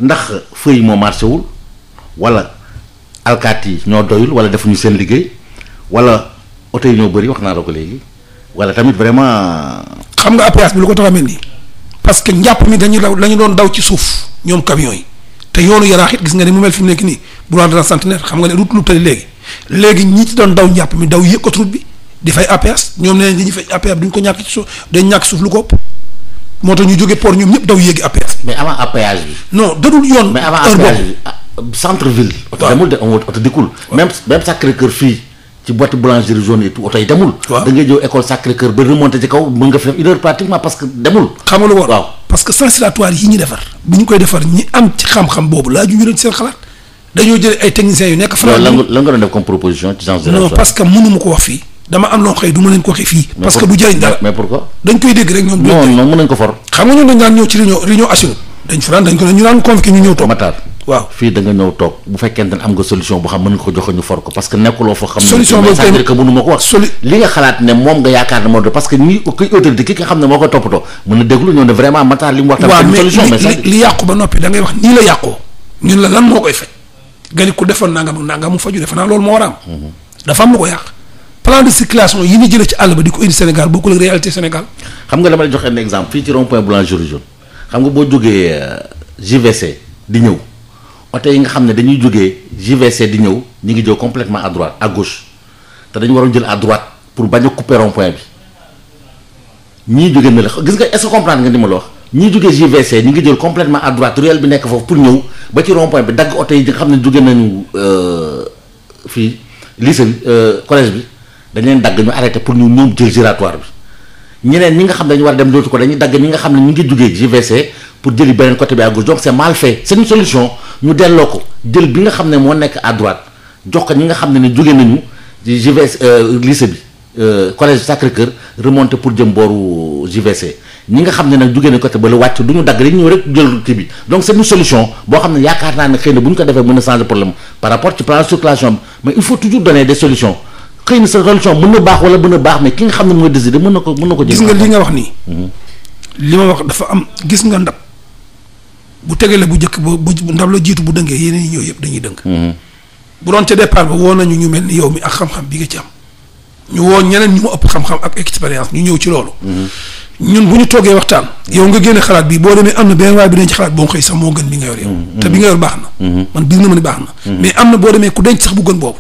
ndax feuille moo marché wul wala alkaati yi ñoo doyul wala defuñu seen liggéey wala oto yi bëri wax naa la ko léegi wala tamit vraiment xam nga APS bi lu ko tax nii parce que njàpp mi dañu daw la doon daw ci suuf ñoom camion yi te yoonu yaraax gis nga ne mu mel fi mu nekk nii boulevard de la Centenaire xam nga ne route lu tëli léegi léegi ñi ci doon daw njàpp mi daw yëg autoroute bi di fay APS ñoom nee nañ li ñuy fay APS duñ ko ñàkk ci suuf dañ ñàkk suuf lu ko ëpp moo tax ñu jóge port ñoom ñëpp daw yéegi APS. mais avant APS bi. non dadul yoon. heure boobu mais avant APS bi ah, centre ville. waaw oto demul de oto dikkul. même fii. ci boîte boulangerie jaune et tout oto yi demul. waaw da ngay école Sacré Cœur ba remonté ci kaw mën nga fi def une heure pratiquement parce que demul. waaw parce que sensilatoire yi ñu defar. bu ñu koy defar ñi am ci xam-xam boobu laaj yu seen xalaat dañoo jël ay techniciens yu nekk. fanaan lan nga doon def comme proposition ci genre. non parce que mënuma ko wax fii. dama am loo xëy du leen ko waxee fii. parce que du jëriñ dara mais dañ koy dégg rek waaw fii danga nga ñëw toog bu fekkente ne am nga solution boo xam mën nga ko joxe ñu for ko parce que nekkuloo foo xam ne solution boobu c'est-à-dire que mënu ma ko wax li nga xalaat ne moom nga yaakaar ne moo do parce que ñi na déglu moo koy a am mhm. dafa am lu ko yàq yi ñu jëlee ci àll ba di ko indi Sénégal bokkul ak réalité Sénégal xam nga dama lay joxe un exemple fii ci rond point blanc juróom xam nga boo jógee euh, JVC di ñëw oto yi nga xam ne dañuy jógee JVC di ñëw ñu ngi jóg complètement à droite à gauche te dañu waroon jël à pour bañ a couper rond point bi ñii jógee na la gis nga est-ce nga ni ma la wax ñii jógee JVC ñu ngi jël complètement à droite ruelle pour ñëw ba ci rond bi dagg oto yi nga xam ne jógee nañu euh, fii lycée bi euh, collège bi dañ leen dagg ñu arrêté pour ñu ñoom jël giratoire bi ñeneen ñi nga xam ne dañu war a dem dootu ko dañuy dagg ñi nga xam ne ñu ngi jógee JVC pour jëli beneen côté bi à gauche donc c'est mal fait c'est solution ñu delloo ko jël bi nga xam ne moo nekk à jox ko ñi nga xam ne ne jóge nañu JVC euh, lycée euh, wàcc du ñu dagg dañ ñëw rek jël kii donc c'est solution boo xam ne yaakaar naa ne xëy na bu ñu ko defee mën na changer problème par rapport ci plan circulation mais il faut toujours donner des solutions xëy na sa solution mën na baax wala mën na baax mais ki nga xam ne mooy nga li bu tegale bu njëkk ba bu ndab la jiitu bu dëngee yeneen yi ñëw yëpp dañuy dëng. Mhm. bu doon ca départ ba woo nañu ñu mel ni yow mi ak xam-xam bi nga ci am ñu woo ñeneen ñu mu ëpp xam-xam ak expérience ñu ñëw ci loolu. Mhm. ñun bu ñu toogee waxtaan. yow nga génne xalaat bi boo demee am na benn waay bi denc xalaat boo nga xëy sax moo gën bi nga yor yow. Mhm. te bi nga yor baax na. man biir na ma ne baax na. mais am na boo demee ku denc sax bu gën boobu.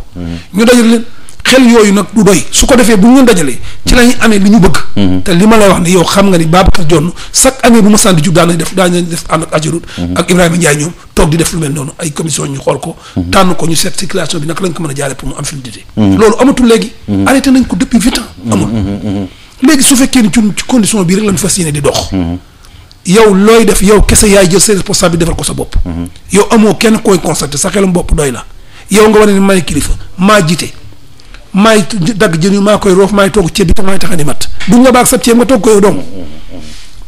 ñu dajal leen. xel yooyu nag du doy su ko defee bu ñu dajalee ci la amee li ñu bëgg. Mhm. te li ma la wax ne yow xam nga ni Babacar Dione chaque année bu ma sant jub daan def daan nañ def ànd ak Ageroute. Mhm. ak Ibrahima Ndiaye ñoom toog di def lu mel noonu ay commission ñu xool ko. Mhm. tànn ko ñu seet circulation bi naka lañ ko a jaaree pour mu am loolu amatul léegi. arrêté nañ ko depuis huit ans. amul léegi su fekkee ni ci condition bii rek lañ fas yéene di dox. yow looy def yow kese yaay jël sa responsable defal ko sa bopp. yow amoo kenn koy constaté sa xelam bopp doy la yow nga wane ne may kilifa maa jiite maay dagg jën yu maa koy roof maay togg ceeb bi tam maay tax a di mat duñ la baag sab ceeb nga togg ko yow dong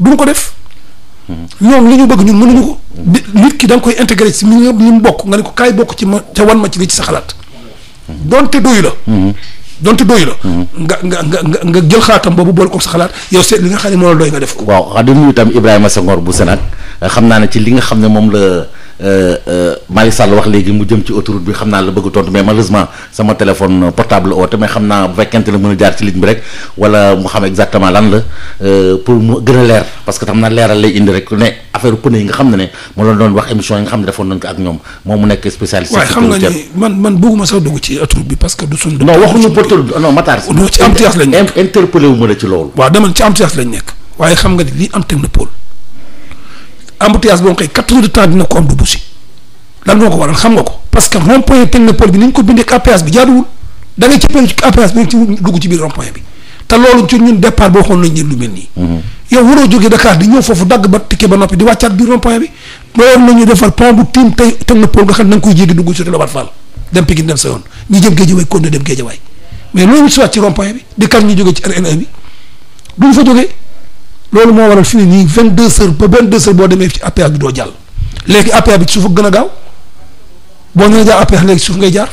duñ ko def ñoom li ñu bëgg ñun mënuñu ko nit ki da koy intégré si mi ñu mu bokk nga ne ko kaay bokk ci ma ca wan ma ci li ci sa xalaat donte doyu la donte doyu la nga nga nga nga jël xalaatam boobu boole ko sa xalaat yow seet li nga xam ne moo la doy def ko waaw xam nga itam Ibrahima Senghor bu Sénat xam naa ne ci li nga xam ne moom la Euh, euh, Malick Sall wax léegi mu jëm ci autoroute bi xam naa la bëgg tontu mais malheureusement sama téléphone portable oote mais xam naa bu fekkente ne mën a jaar ci ligne bi rek wala mu xam exactement lan la euh, pour mu gën a leer parce que xam naa leeral lay indi rek ne affaire pneu yi nga xam ne ne ma la doon wax émission yi nga xam ne defoon nañ ko ak ñoom moom mu nekk spécialiste. waaye xam nga ni man man bëgguma sax dugg ci autoroute bi du suñ. waxuñu pour non Matar. non ci embouteillage lañ ci loolu. waaw lañ nekk. waaye xam nga ni lii am technopole embouteillage boo xëy quatre de temps dina ko am du bouché lan moo ko waral xam nga ko parce que rond point bi ni ñu ko bindee APS bi jaaduwul da ngay cëppee ci APS bi te loolu mhm. ba ticket ba noppi di wàccaat biir rond bi loolu nañu defar pont bu tiim tey technopole nga xam ne nga koy jéggi dugg ci Lobatt Fall dem Pikine dem sa yoon ñi jëm Géejawaay kon loolu ñu siwaat ci rond point bi di kar ñu jógee ci RN1 bi duñ fa loolu moo waral fi ne nii vingt deux heures ba vingt deux heures boo demee ci APA bi doo jàll léegi APA bi ci suuf gën a gaaw boo nee jaar APA léegi suuf ngay jaar.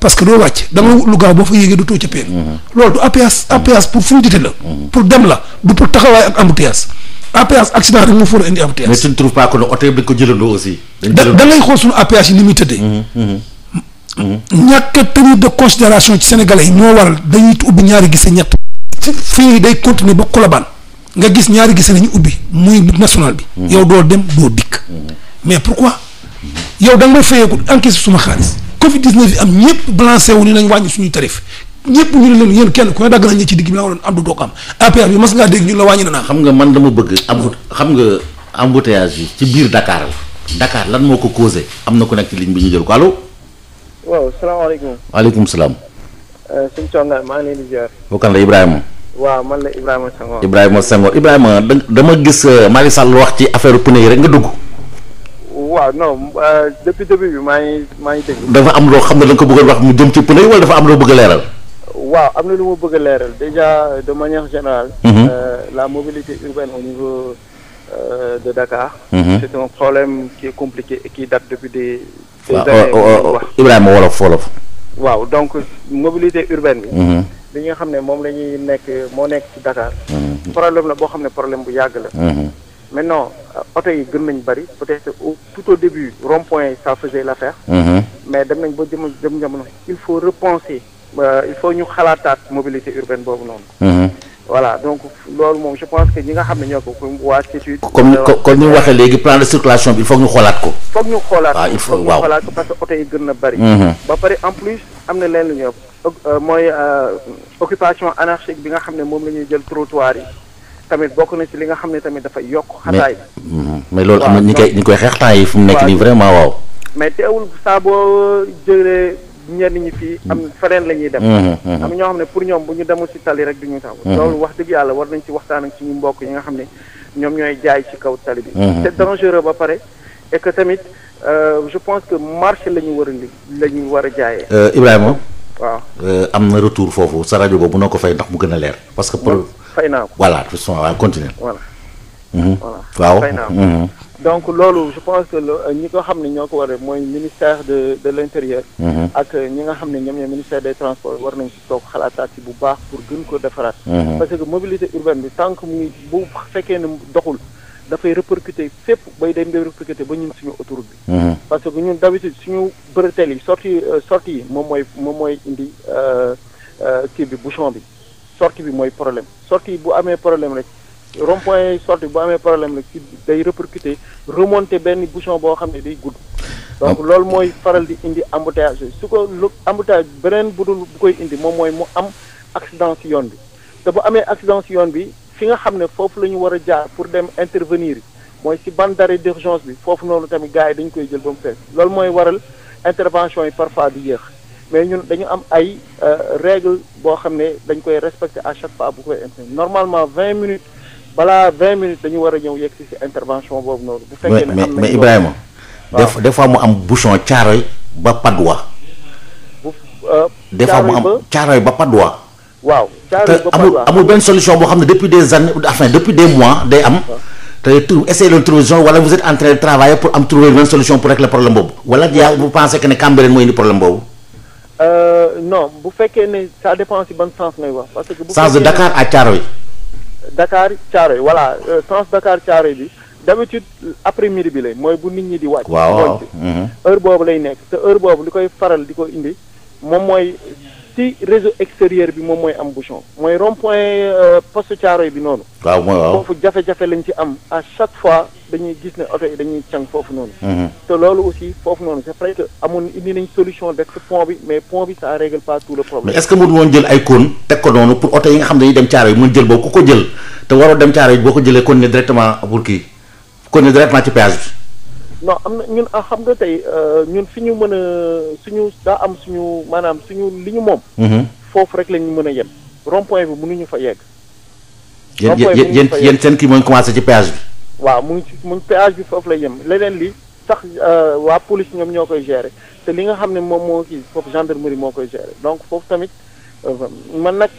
parce que doo wàcc da wut lu gaaw boo fa yéegee du too ca peen. loolu du APS APS pour fluidité la. dem la du pour taxawaay ak embouteillage APS accident rek moo fóor a indi embouteillage. mais tu ne trouves pas que ne oto yëpp dañ ko jëlandoo xool suñu APS yi ni muy tëddee. ñàkk te tenir de considération ci sénégalais yi ñoo waral dañuy ubbi ñaari gise ñett. ci fii day continuer ba Colobane. nga gis ñaari gis ñu ubbi muy national bi. Mhm. yow doo dem doo dikk. Mhm. mais pourquoi yow da nga may fayeeku encaisse suma xaalis. Covid 19 bi am ñëpp balancé wu ni nañ wàññi suñu tarif ñëpp ñu leen yéen kenn ku ne dagg nañ ne ci digg bi la waroon am du doog am mas ngaa dégg ñun la wàññi na naa. xam nga man dama bëgg am xam nga embouteillage yi ci biir Dakar la. Dakar lan moo ko causé am na ko nekk ci ligne bi ñu jël ko allo. waaw salaamaaleykum. waaleykum salaam. Euh, sëñ Thiongane maa ngi leen di Ibrahima. waaw man la Ibrahima Senghor. Ibrahima Senghor Ibrahima dama gis euh, Macky Sall wax ci affaire pneu yi rek nga dugg. waaw non euh, depuis début bi maa ngi maa ngi dégg. dafa am loo xam ne da ko bëgg a wax mu jëm ci pneu yi wala dafa am loo bëgg a leeral. waaw am na lu moo bëgg a leeral déjà de manière générale. Mhm. Euh, la mobilité urbaine au niveau de Dakar. Mhm. c'est un problème qui est compliqué et qui depuis des. des oh, oh, oh, wolof wolof. waaw donc mobilité urbaine bi. Mhm. li nga xam ne moom la ñuy nekk moo nekk ci Dakar. Mm-hmm. problème la boo xam ne problème bu yàgg la. Mm-hmm. maintenant oto yi gën nañ bari peut-être au tout au début rond-point yi ça faisait l'affaire. Mm-hmm. mais dem nañ ba jëm jëm jamono il faut repenser euh, il faut ñu xalaataat mobilité urbaine boobu noonu. voilà donc loolu moom je pense que ñi nga xam ne ñoo ko waa CETUD. comme comme ni euh, euh, waxee léegi plan de circulation bi il ñu xoolaat ko. foog ñu xoolaat ah, ko parce que oto gën na bëri. Mm-hmm. ba pare en plus am na leen lu ñuy euh, mooy occupation anarchique bi nga xam ne moom la ñuy jël trottoir yi tamit bokk na ci li nga xam ne tamit dafay yokk. xataay bi mais mm-hmm. loolu am na ñu koy ñi koy xeex temps yi fu mu nekk nii vraiment waaw. mais teewul saa jëlee. ñenn ñi fii am mm. feneen la ñuy dem mm-hmm, mm-hmm. am ñoo xam ne pour ñoom bu ñu demul ci tali rek du ñu taw mm-hmm. loolu wax dëgg yàlla war nañ ci waxtaan ak suñu mbokk yi nga xam ne ñoom ñooy jaay ci kaw tali bi c'est dangereux ba pare et que tamit euh, je pense que marché la ñu war a li lañuy war a jaayee euh, Ibrahima waaw euh, am na retour foofu sa rajo boobu noo ko fay ndax mu gën a leer parce que pour fay naa ko voilà tout voilà continuer waaw donc loolu je pense que euh, ñi ko xam ne ñoo ko war a mooy ministère de de l' intérieur. Mm-hmm. ak euh, ñi nga xam ne ñoom ñooy ministère des transports war nañ soo toog xalaataat ci bu baax pour gën ko defaraat. Mm-hmm. parce que mobilité urbaine bi tant que muy bu fekkee ne doxul dafay répercuter fépp bay dem day répercuter ba ñun suñu autoroute bi. Mm-hmm. parce que ñun d' suñu bretelles yi sorti sortie euh, moom mooy moom mooy indi kii bi bouchon bi sortie bi mooy problème sorti bu amee problème rek. rond point yi sorti bu amee problème la ci day répercuté remonté benn bouchon boo xam ne day gudd. donc ah. loolu mooy faral di indi embouteillage su ko lu embouteillage beneen bu dul bu koy indi moom mooy mu am accident ci yoon bi te bu amee accident ci yoon bi fi nga xam ne foofu la ñu war a jaar pour dem intervenir mooy ci bande d'arrêt d'urgence bi foofu noonu tamit gars yi dañu koy jël ba mu fees loolu mooy waral intervention yi parfois di yéex mais ñun dañu am ay euh, règle boo xam ne dañ koy respecté à chaque fois bu koy intervenir normalement 20 minutes. balaa vingt minutes dañu war a ñëw yegg si si intervention boobu noonu. bu fekkee ne am mais mais Ibrahima. waaw des fois mu am bouchon caaroy ba Padois. bu euh, des fois mu am caaroy ba Padois. waaw caaroy ba Padois te amul amul benn solution boo xam ne depuis des années enfin depuis des mois day am. te tu essayé leen trouver solution wala vous êtes en train de travailler pour am trouver une solution pour régler problème boobu. wala yaa vous pensez que ne Cambérène mooy indi problème boobu. Euh, non bu fekkee ne ça dépend si ban sens ngay wax. parce que bu sens de Dakar à Thiaroye. Dakar Thiaroye voilà sens euh, Dakar Thiaroye bi d'habitude après midi bi lay mooy bu nit ñi di wàcc. waaw mhm. heure boobu lay nekk te heure boobu li koy faral di ko indi moom mooy ci réseau extérieur bi moom mooy am bouchon mooy rond point euh, poste Thiaroye bi noonu. waaw mooy waaw foofu jafe-jafe lañ ci am à chaque fois dañuy gis ne oto yi dañuy càng foofu noonu. Mhm. te loolu aussi foofu noonu c'est vrai que amoon indi nañ solution rek si pont bi mais pont bi ça règle pas tout le problème. mais est-ce que mënu jël ay cône teg ko noonu pour oto yi nga xam dañuy dem Thiaroye mën jël boobu ku ko jël te waroo dem Thiaroye boo ko jëlee continuer directement pour non am na ñun ah, xam nga tey euh, ñun fi ñu mën a suñu daa am suñu maanaam suñu li ñu moom. Mm-hmm. foofu rek la ñu mën a yem. rond point bi mu ñu fa yegg. rond point yéen yéen seen kii mooy commencé ci péage bi. waaw mu ngi ci mu ngi péage bi foofu la yem leneen li sax euh, waa police ñoom ñoo koy gérer te li nga xam ne moom moo kii foofu gendarmerie moo koy gérer donc foofu tamit euh, man nag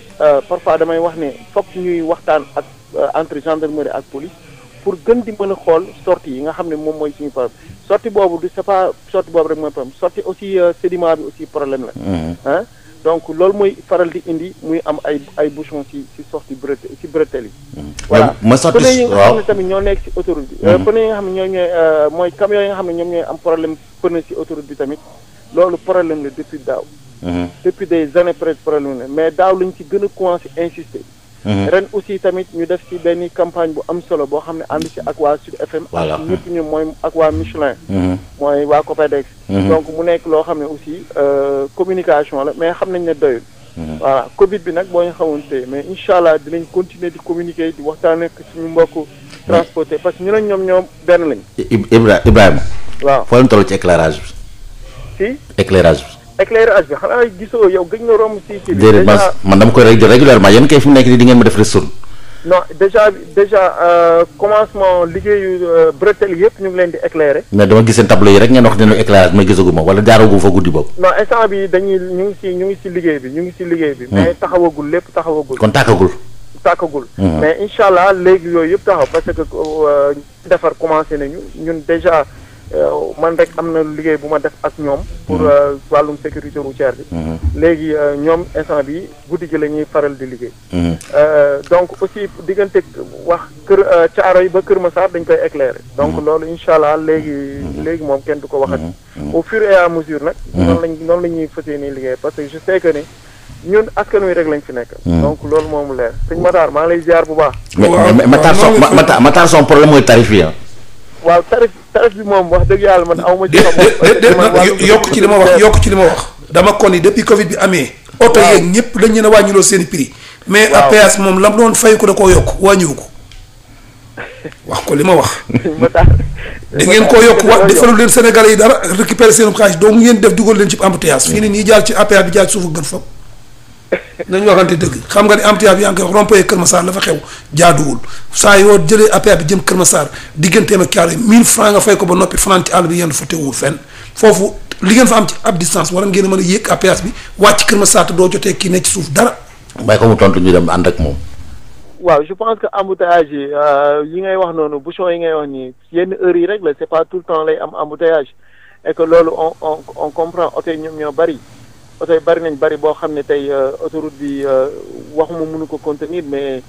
parfois damay wax ne fokk ñuy waxtaan ak entre gendarmerie ak police. pour gën di mën a xool sortie yi nga xam ne moom mooy suñu problème sortie boobu du c'est pas boobu rek mooy problème sortie aussi euh, sédiment bi aussi problème la. Mm-hmm. donc loolu mooy faral di indi muy am ay ay bouchon ci ci sortie bretelle ci bretelle yi. Mm-hmm. voilà pneu yi nga xam ne tamit ñoo nekk ci autoroute bi. Euh, mm-hmm. pneu yi nga xam ne ñoom ñooy euh, mooy camion yi ne ñoom ñooy am problème pneu ci autoroute bi tamit loolu problème la depuis daaw. depuis des années peut problème la mais daaw lañ ci gën a commencé insister. Mhm. ren aussi tamit ñu def ci benn campagne bu am solo boo xam ne ànd si ak waa Sud FM. ak ñëpp ñu mooy ak waa Michelin. Mhm. mooy waa Copedex. Mhm. donc mu nekk loo xam ne aussi euh, communication la mais xam nañ ne doyul. voilà Covid bi nag boo ñu xawoon tey mais incha allah dinañ continuer di communiquer di waxtaan ak suñu mbokk transporté parce que ñu ne ñoom ñoom benn lañ. Ibrahima. waaw foo leen toll ci éclairage bi. si éclairage bi. éclairage bi xanaa gisoo yow gëj nga romb si ci déedéet man dama koy régulièrement yéen kay fi mu nekk nii di ngeen ma def restaurant non déjà déjà euh, commencement liggéeyu euh, bretel yëpp ñu ngi leen di éclairer mais dama gis seen tableau yi rek ngeen wax ne ne éclairage may gisaguma wala jaaragu fa guddi boobu non instant bi dañuy ñu ngi si ñu ngi si liggéey bi ñu ngi ci liggéey bi hmm. mais taxawagul lépp taxawagul kon tàkkagul tàkkagul hmm. mais incha allah léegi yooyu yëpp taxaw parce que euh, defar commencé nañu ñun déjà Euh, man rek am na liggéey bu ma def ak ñoom. pour mhm. euh, wàllum sécurité routière bi. Mhm. léegi euh, ñoom instant bi guddi gi la ñuy faral di liggéey. Mhm. donc aussi diggante wax kër caaro yi ba Kër Massar dañ koy éclairer. donc loolu incha allah léegi léegi moom kenn du ko waxati. au fur et à mesure nag. noonu lañ noonu la ñuy fas yéenee liggéey parce que je sais que ni. ñun askan wi rek lañ fi nekk. donc loolu moom leer sëñ Matar maa ngi lay ziar bu baax. Matar son Matar son problème mooy tarif yi waaw tarif tarif bi moom wax dëgg yàlla man awma ci xam yokk ci li ma wax yokk ci li ma wax dama kon ni depuis covid bi amee oto yeeg ñëpp dañ leen a wàññiloo seen prix mais APS moom lam doon fay ko da koo yokk wàññiwu ko wax ko li ma wax da koo yokk wax defalu leen Sénégalais yi dara récupérer seen xaalis donc ngeen def dugal leen ci embouteillage fii ne nii jaar ci APS bi jaar ci suufu gën foog nañu waxante dëgg xam nga ne embouteillage bi yaa ngi koy wax rond-point Kër Massar la fa xew jaaduwul saa yoo jëlee APA bi jëm Kër Massar digganteem ak Thiaroye 1000 francs nga fay ko ba noppi fanaan ci àll bi yenn fa teewul fenn foofu li ngeen fa am ci ab distance war ngeen a mën a yéeg APA bi wàcc Kër Massar te doo jotee ki ne ci suuf dara. bàyyi ko mu tontu ñu dem ànd ak moom. waaw je pense que embouteillage yi euh, yi ngay wax noonu bu bouchon yi ngay wax nii yenn heures yi rek la c'est pas tout le temps lay am embouteillage et que loolu on on on comprend oto ñoom ñoo bari oto yi bari nañ bari boo xam ne tey euh, autoroute bi euh, waxuma munu ko contenir mais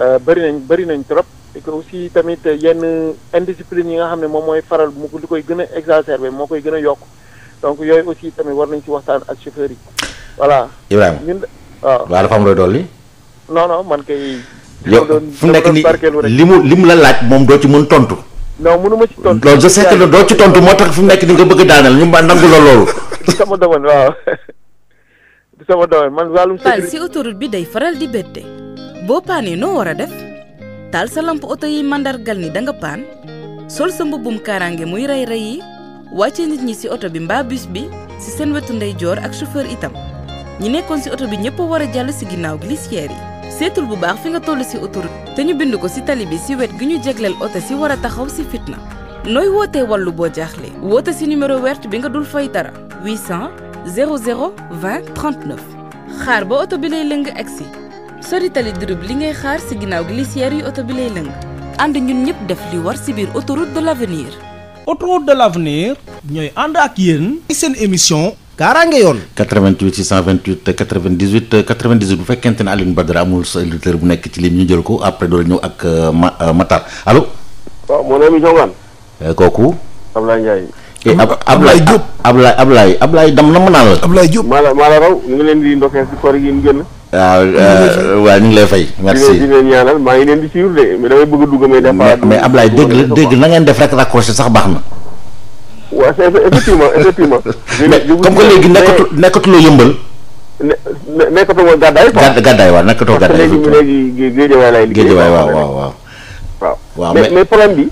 euh, bari nañ bari nañ trop et que aussi tamit yenn indiscipline yi nga xam ne moom mooy faral mu li koy gën a exacerbé moo koy gën a yokk donc yooyu aussi tamit war nañ ci waxtaan ak chauffeur yi voilà. Ibrahima ñun waaw. waaw dafa am looy dolli. non non man kay. fu nekk ni li mu li mu la laaj moom doo ci mën tontu. non mënu ma ci tontu loolu je sais doo ci tontu moo tax fu mu nekk ni nga bëgg daaneel ñu ma nangu la loolu. sama domaine waaw. di sama domaine man wàllum. si autoroute bi day faral di bette boo paanee noo war a def taal sa lamp oto yi mandargal ni da nga paan sol sa mbubbum kaaraange muy rey rey yi wàcce nit ñi si oto bi mbaa bus bi si seen wetu ndeyjoor ak chauffeur itam ñi nekkoon si oto bi ñëpp war a jàll si ginnaaw glissière yi. seetul bu baax fi nga toll si autoroute te ñu bind ko si tali bi si wet gi ñu jegleel oto si war a taxaw si fitna nooy wootee wallu boo jaaxle woote si numéro vert bi nga dul fay dara 800. 00 20 xaar ba oto bi lay lëng agsi sori tali durub li ngay xaar si ginnaaw glissière yi oto bi lay lëng ànd ñun ñëpp def li war si biir autoroute de l'avenir autoroute de l'avenir ñooy ànd ak yéen seen émission kaaraange yoon 88 628 98 98 bu fekkente ne Alioune Badara amul sa auditeur bu nekk ci ligne ñu jël ko après doo ñëw ak euh, euh, Matar allo waaw mon ami Diongane euh, kooku Abdoulaye Eh, Ablaye Diop Ablaye Ablaye Ablaye dam na mën naa la. Ablaye Diop maa la maa la raw ñu ngi leen di ndokkee si koor yi ñu génn. waaw waaw ñu ngi lay fay. Euh, merci di leen ñaanal maa ngi leen a dugg na na. waaw c'est effectivement effectivement. mais comme que léegi nekkatu nekkatuloo yëmbal. ne ne nekkatuma gàddaay. gàdd gàddaay waaw nekkatoo gàddaay. parce que léegi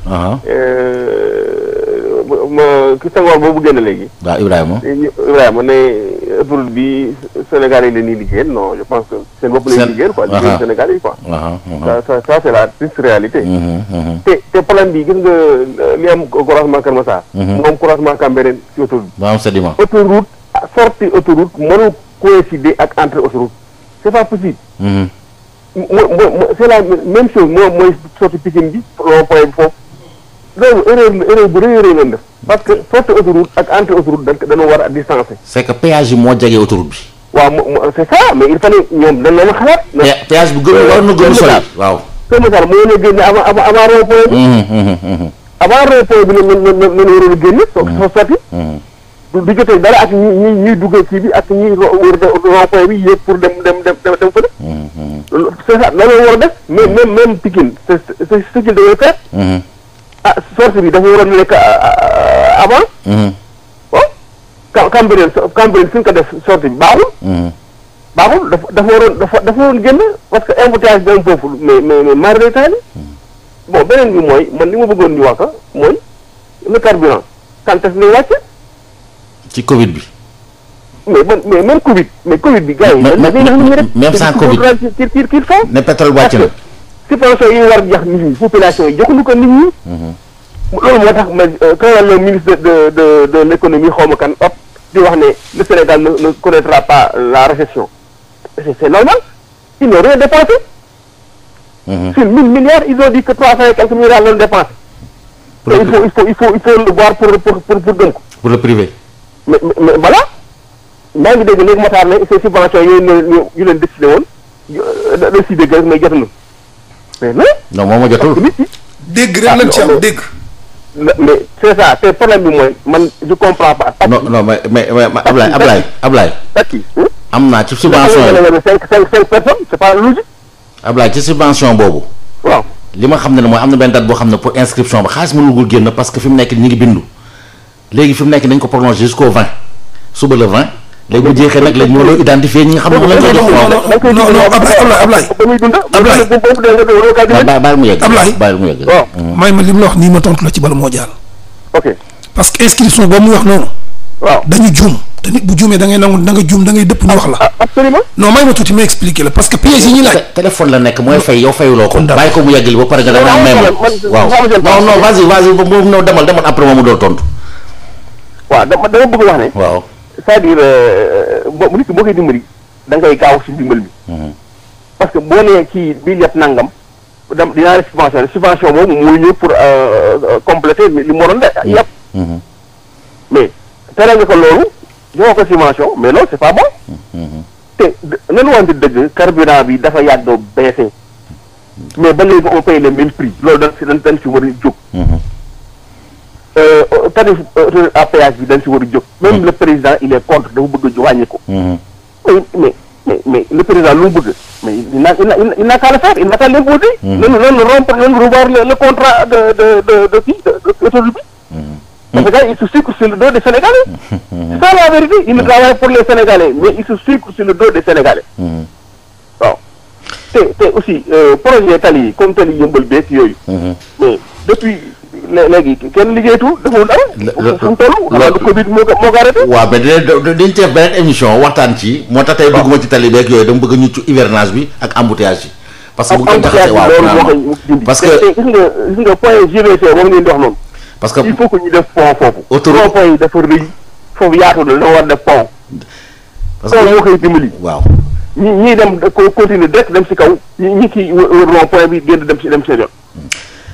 ki Senghor boobu génn léegi. waaw Ibrahima. Ibrahima ne autoroute bi Sénégal yi la ñuy liggéeyal non je pense que. seen bopp la ñuy liggéeyal quoi liggéeyal Sénégal yi quoi. ça ça ça c' est la triste réalité. Mhm, mhm. te te plan bi gis nga li am croisement Keur Massar. mu mhm. am croisement Cambérène ci autoroute. mu am sédiment. autoroute sortie autoroute mënul coïncider ak entrée autoroute c' est pas possible. mo mo c' est la même chose moom mooy sortie Pikine bi rond-point bi foofu. loolu erreur la erreur bu rëy rëy lañ def parce que sortie autoroute ak entrée autoroute da dañoo war a distancé. c'est moo jege autoroute bi. waaw mu c'est ça mais il fallait ñoom moo leen génne avant avant rond bi. avant rond point bi la ñu génne. soo soo sotti. du jotee dara ak ñi ñi ñuy duggee kii bi ak ñi wër rond bi yëpp pour dem dem dem dem fële. c'est ça la ñu war a def mais même même Pikine c'est ah source bi dafa waroon nekk ah, ah, avant. bon mhm. oh, ka Cambérène Cambérène fi ñu ko def source bi baaxul. Mhm. baaxul dafa dafa waroon dafa dafa waroon génn parce que embouteillage bi am foofu mais mais mais mari day mhm. bon beneen bi mooy man li ma bëggoon ñu wax mooy le carburant quand est ci Covid bi. mais man mais même Covid mais Covid bi. gars yi. même sans Covid ne pétrole wàcc na. subvention yi ñu war jox nit ñi population yi joxuñu ko nit ñi. Mhm. loolu moo tax ma euh, quand le ministre de de de l' économie xaw ma kan op di wax ne le Sénégal ne ne connaîtra la récession c' est normal ils n'ont rien dépensé. Mhm. sur mille milliards ils ont dit que trois cent et quelques milliards lañ dépensé. pour il faut il faut il faut il faut le voir pour pour pour pour ko. pour le privé. mais mais voilà maa ngi dégg léegi moo tax ne ces subventions yooyu ñu leen destiné woon da da siy dégg rek mais mais non. non moom ma jotul dégg rek lañ ci am ah, dégg. mais c'est ça te problème bi mooy man je comprends pas. non non mais mais Ablaye Ablaye Ablaye. takki am naa ci subvention yi cinq cinq cinq boobu. waaw li ma xam ne mooy am na benn date boo xam ne pour inscription ba xaalis mënul génn parce que fi mu nekk ñu ngi bindu léegi fi mu nekk dañ ko prolongé jusqu'au vingt suba le vingt. léegi bu jeexee nag lañ mën a identifier ñi nga xam ne moom lañ ko jox waaw. non non Ablaye Ablaye Ablaye. ba baal mu yegg Ablaye baal mu yegg. Mm. may ma la nga juum da dëpp ñu wax la. Ah, ah, absolument may ma tuuti ma expliqué la parce que pièces yi ñuy laaj. téléphone la nekk mooy fay yow fayuloo ko. bàyyi ko mu yeggali ba pare nga da may ma. waaw non non vas-y vas-y ba demal demal après moom mu door tontu. waaw c'est-à-dire euh, boo nit ki boo koy dimbali da ngay gaaw si dimbal bi mhm. parce que boo nee kii bii lépp nangam dam dinaa la subvention subvention boobu muy ñëw pour euh, euh, compléter li mu waroon de mhm. yàpp mhm. mais tere nga ko loolu joxoo ko subvention mais loolu c'est pas bon te nanu wante dëgg carburant bi dafa yàgg baissé mais ba léegi on paye le même prix loolu dañ si dañ si war a jóg tarif euh, euh, à euh, péage bi dañ si war a jóg hmm. même le président il est contre dafa bëgg a wàññi ko hmm. mais mais mais le président lu mu bëgg mais il n'a il n'a qu'à le faire il n'a qu'à l'imposer hmm. nanu nanu rompre nanu revoir le contrat de de de de kii de autoroute bi il se sucre sur le dos des Sénégalais c'est ça la vérité il travaille pour les Sénégalais mais il se sucre sur le dos des Sénégalais waaw te te aussi projet tali comme tali yëmbal bees yooyu mais depuis léegi kenn liggéeytu dafa woon dara. suñ toll loolu Covid moo ko moo ko arrêté. waaw mais dinañ dañ cee beneen émission waxtaan ci. moo tax tey dugguma ci tali beeg yooyu dama bëgg ñu ci hivernage bi ak embouteillage yi. parce que bu ngeen taxasee waaw parce que gis nga gis nga point GVC moom ngeen di wax noonu. parce que il faut que ñu def pont foofu. autoroute pont yi dafa rëy foofu yaatu na dafa war def pont. parce que moo koy dimbali. waaw ñi ñiy dem ko continuer direct dem si kaw. ñi ñi ciy wër rond point bi génn dem si dem seen yoon hmm.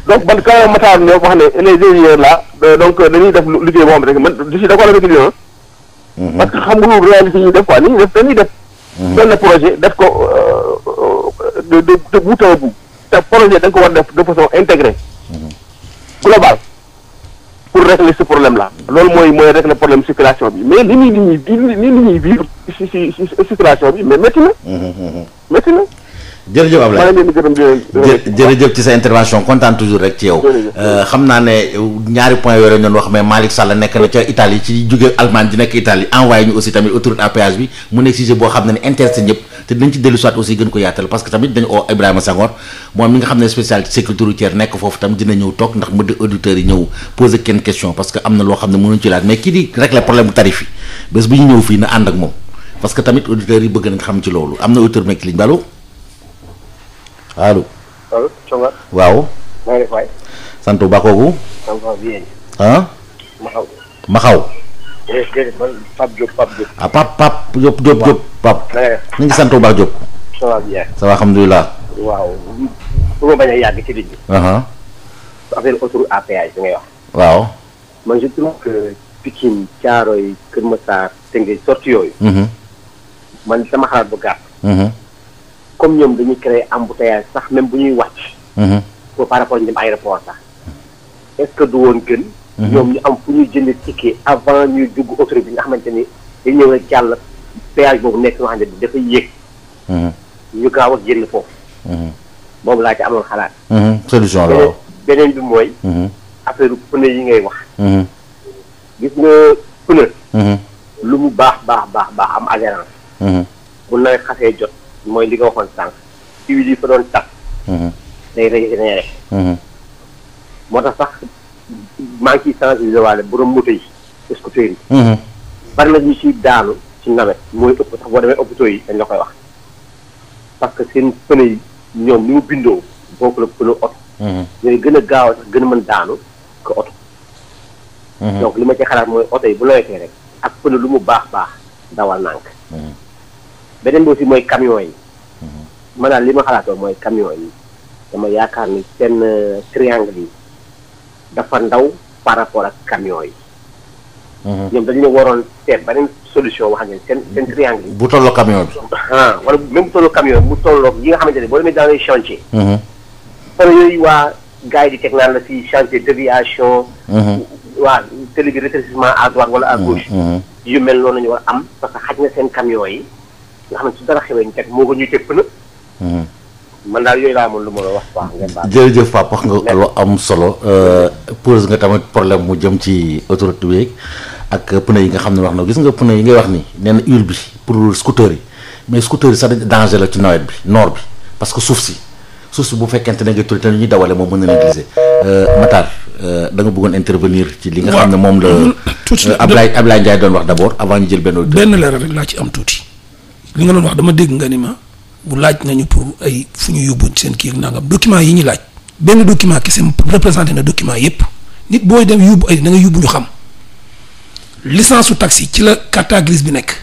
donc man kaw Matar ñoo wax ne les ingénieurs là euh, donc euh, dañuy def liggéey boo xam rek man je suis d'accord avec lui mhm. parce que xam nga lu réalité ñu def quoi ni ñu def dañuy def. Mhm. benn projet def ko euh, de de de bout te projet da ko war def de façon intégrée. Mhm. global pour régler ce problème la loolu mooy mooy régler problème circulation bi mais li muy li ñuy li ñuy vivre si si si circulation bi mais métti na. métti na. jërëjëf Ablaye jërëjëf ci sa intervention kontaan toujours rek ci yow euh, xam naa ne ñaari point yore ñoon wax mais Malick Sall nekk na ca Italie ci jóge Allemagne di nekk Italie envoyé ñu aussi tamit autoroute à bi mu nekk sujet boo xam ne ne intéressé ñëpp te dinañ ci dellu soit aussi gën ko yaatal parce que tamit dañu oo Ibrahima Senghor moom mi nga xam ne spécialité sécurité routière nekk foofu tamit dina ñëw toog ndax mu di auditeurs yi ñëw poser kenn question am na loo xam ne mënuñu ci laaj mais kii di régler problème bu tarif yi bés bu ñu ñëw fii na ànd ak moom parce que tamit allo. allo Thiongor. waaw. maa ngi lay fay. sant bu baax kooku. ah. Maxaw. Maxaw. Eh, déedéet man Pape Diop Pape Diop. ah Pape Pape Diop Diop Diop. Pape ñu ngi sant bu alhamdulilah. waaw. ma bañ a yàgg ci ligne man je trouve que Pikine Thiaroye Kër Massar te yooyu. Mhm. man sama xalaat bu gàtt. Mhm. comme ñoom dañuy créer embouteillage sax même bu ñuy wàcc. Mhm. pour par rapport ñu dem aéroport sax est-ce que du woon gën. Mhm. ñoom ñu am fu ñuy jënd ticket avant ñuy dugg autoroute bi nga xamante ni dañ ñëw rek boobu nekk nga xam ne dafay yéeg. Mhm. ñu gaaw ak jënd foofu. boobu laa ci amul xalaat. solution la waaw beneen bi mooy. affaire pneu yi ngay wax. gis nga pneu. lu mu baax baax baax baax am adhérence. bu nawet xasee jot. mooy li nga waxoon sànq huile yi fa doon tax. Mhm. day régénéré. Mhm. moo tax sax maa ngi ciy sensibiliser waale borom moto yi scooter yi. Mhm. bari na ñu ciy daanu ci nawet mooy ëpp sax boo demee hôpitaux yi dañ la koy wax parce que seen pneu yi ñoom ni mu bindoo bokkul ak pneu oto. ñooy gën a gaaw a sax gën a mën daanu ko oto. donc li ma ci xalaat mooy oto yi bu looytee rek ak pneu lu mu baax baax dawal nànk. beneen bi aussi mooy camion yi man mhm. daal li ma xalaatoo mooy camion yi dama yaakaar ni seen euh, triangle yi dafa ndaw par rapport ak camion yi. Mhm. ñoom dañu ne waroon seet beneen solution wax ngeen seen seen triangle yi. bu tolloo camion bi. ah wala même bu tolloo camion bi mu tolloo nga xamante ne boo demee dans les chantiers. Mhm. fan yooyu waa gars yi di teg naan la si chantier déviation. waa télé bi rétrécissement à droite wala yu mel noonu la ñu am parce xaj na seen camion yi. nga xam ne su dara xewee hmm. laa lu ma wax jërëjëf Pape wax nga lu am solo euh, pose nga tamit problème mu jëm ci autoroute bi ak pneu yi nga xam ne wax na gis nga pneu yi ngay wax ni nee na huile bi pour scooter yi mais scooter yi sax danger la ci nawet bi noor bi parce que suuf si suuf si bu fekkente ne nga tur te ñuy dawale moom mën na leen glisser euh, Matar euh, nga bëggoon intervenir ci li nga xam ne moom la Ablaye Ablaye Ndiaye doon wax d'abord avant ñu jël benn benn leeral rek laa ci am tuuti li nga doon wax dama dégg nga ni ma bu laaj nañu pour ay fu ñu yóbbu seen kii nangam document yi ñu laaj benn document kese représenté na document yépp nit booy dem yóbbu ay da nga ñu xam licence su taxi ci la carte grise bi nekk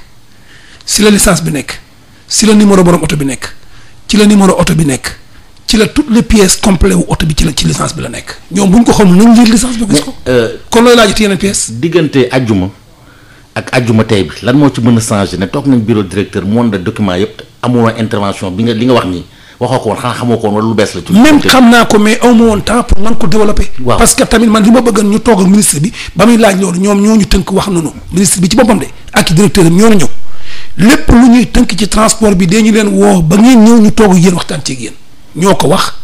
si la licence bi nekk si la numéro borom auto bi nekk ci la numéro oto bi nekk ci la tout le pièces complètes wu oto bi ci la ci licence bi la nekk ñoom bu ñu ko xamul nañ lire licence bi gis ko euh, kon looy laajati yeneen pièces diggante ak ajjuma tey bi lan moo ci mën a changé ne toog nañ bureau directeur mu wan la document yëpp amuloo intervention bi nga li nga wax nii waxoo ko woon xanaa xamoo ko woon wala lu bees la. ci même xam ko mais aw ma woon temps ko développer. waaw parce que tamit man li ma bëggoon ñu toog ak ministre bi ba muy laaj loolu ñoom ñoo ñu tënk wax noonu ministre bi ci boppam de ak directeur am ñoo ñëw lépp lu ñuy tënk ci transport bi dee ñu leen woo ba ngeen ñëw ñu toog ak waxtaan ci ak ñoo ko wax.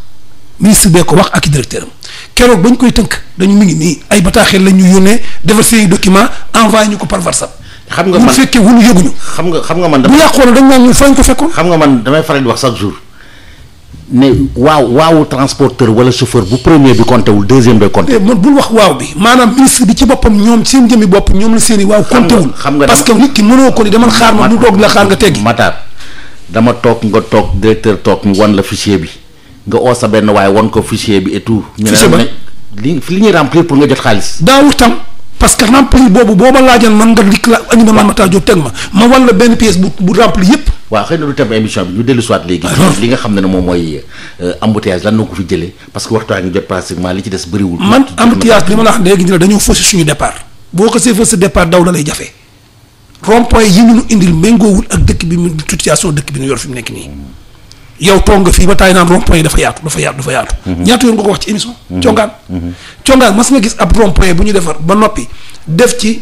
ministre bee ko wax ak i directeur am keroog ba ñu koy tënk dañu mi ngi nii ay bataaxel lañ ñu yónnee defar seen document envoyé ñu ko par whatsapp. xam nga man bu fekkee wuñu yëguñu. xam nga xam nga man. bu yàqoon dañ naan ñu fañ ko xam nga man damay faral di wax chaque jour ne waaw waawu transporteur wala chauffeur bu premier bi compté wul deuxième day compté. Eh, bul wax waaw bi maanaam ministre bi ci boppam ñoom seen jëmmi bopp ñoom la seen i waaw. compté wul parce que nit ki mënoo ko ni demal xaar ma mu toog la xaar nga teggi. Matar dama toog nga toog directeur toog mu la fichier bi nga oo sa benn waaye won ko fichier bi et tout. ba li li ñuy remplir pour nga jot xaalis. daawul tam parce que boobu boo ma man nga lik la indi ma man ma taa jóg teg ma ma wan benn pièce bu bu remplir yëpp. waaw xëy na du tam émission bi ñu dellu soit léegi. Ah, li nga xam ne ne moom mooy euh, embouteillage lan noo ko fi jëlee parce que waxtaan ñu jot pratiquement li ci des bëriwul. man embouteillage li ma la wax léegi nii la dañoo faussé suñu départ. boo dëkk bi mu situation dëkk bi ñu yor fi mu nekk nii yow toog nga fii ba taay naan rond point yi dafa yaatu dafa yaatu dafa yaatu. Mhm. ñaata yoon nga ko wax ci émission. Mhm. congaan mhm. congaan mas nga gis ab rond point bu ñu defar ba noppi def ci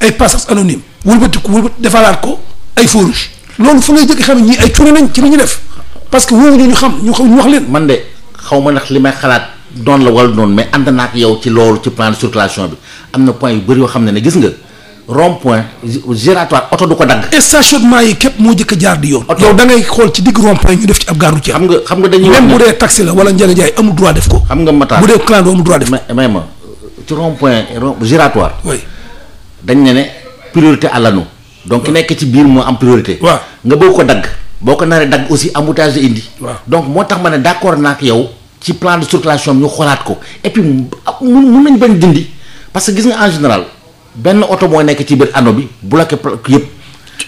ay passage anonyme wëlbatiku wëlbatiku defalaat ko ay feux rouges loolu fu ngay jëkk xam ne ñii ay cuune ci li ñu def parce que wóobu ñu ñu xam ñu wax leen. man de xaw ma ndax li may xalaat doon la wala noonu mais ànd naa ak yow ci loolu ci plan de circulation bi am na point yu bëri yoo xam ne ne gis nga. rond point giratoire oto du ko dagg. stationnement yi képp moo jëkk jaar di yoon. yow da ngay xool ci digg rond point ñu def ci ab gare routière. xam nga xam nga dañuy même bu dee taxi la wala njëriñ jaay amul droit def ko. xam nga mataar bu dee clando amul droit def ko. mais ma ci rond point giratoire. oui dañ ne ne priorité à l'anneau. donc ki nekk ci biir moo am priorité. waaw nga bëgg ko dagg. boo ko naree dagg aussi embouteillage la indi. donc moo tax ma ne d'accord naa yow ci plan de xoolaat ko et puis mun mun nañ dindi parce que gis nga en général. benn oto moo nekk ci biir ano bi bloqué yëpp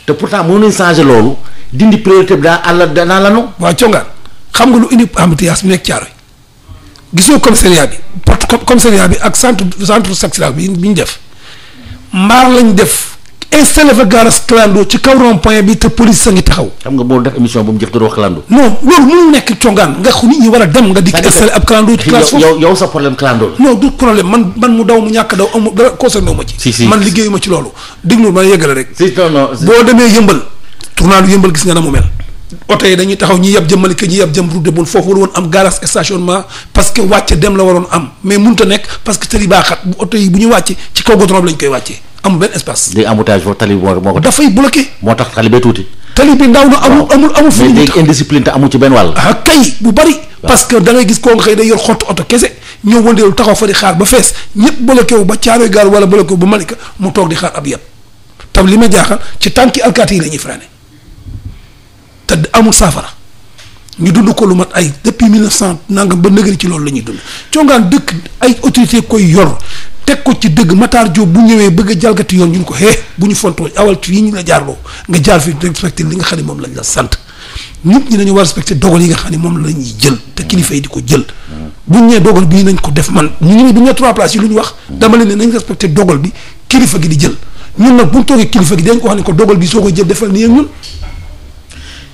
te pourtant mënu nañ changé loolu dindi priorité bi daa àll danaa lanu waaw congaan xam nga lu indi embouteillage bi nekk caaro yi gisoo commissariat bi porte commissariat bi ak centre centre sectoriel bi bi ñu def mbaar lañ def installé fa garage clando ci kaw rond point bi te police a ngi taxaw. xam nga boo def émission bu mu jëf doon wax clando. non nekk congaan nga xam nit ñi war a dem nga dikk installé ab clando. ci classe foofu yow yow sa problème clando la. du problème man mu daw mu ñàkk daw amul dara concerné wu ma ci. si si man liggéeyu ma ci loolu. déglu ma yëgale rek. si non boo demee yëmbal tournant yëmbal gis nga na mu mel. oto yi dañuy taxaw ñi yab jëm Malika ñi yab jëm route de Boune foofu waroon am garage stationnement parce que wàcce dem la waroon am mais mënut a nekk parce que tali baaxat bu oto yi bu ñu wàcce ci kaw goudron bi lañ koy wàccee amul benn espace. léegi embouteillage foofu tali bi moo ko. dafay bloqué. moo tax na amul ah, kay bu bari. parce que da gis koo nga xëy day yor xottu oto kese ñëw wëndeelu taxaw fa di xaar ba fees ñëpp bloqué wu ba Caaroy gaar wala bloqué ba Malika mu toog di xaar ab yab tam li ma jaaxal ci tànki alkaati yi la ñuy freiné te amul saafara ñu dund ko lu mat ay depuis mille neuf cent nangam ba nëgëri ci loolu la ñuy dund congaan dëkk ay autorité koy yor teg ko ci dëgg Matar joob bu ñëwee bëgg a jalgati yoon ñun ko hee bu ñu fontoo awal yi ñu la jaarloo nga jaar fi respecté li nga xam ne moom lañ la sant ñëpp ñi nañu war respecté dogal yi nga xam ne moom la ñuy jël te kilifa yi di ko jël buñ ñee dogal bii nañ ko def man ñu ngi ne bu ñu trois places yi lu ñu wax dama leen ne nañ respecté dogal bi kilifa gi di jël ñun nag buñ toogee kilifa gi dañ ko wax ne ko dogal bi soo ko jël defal nii ak ñun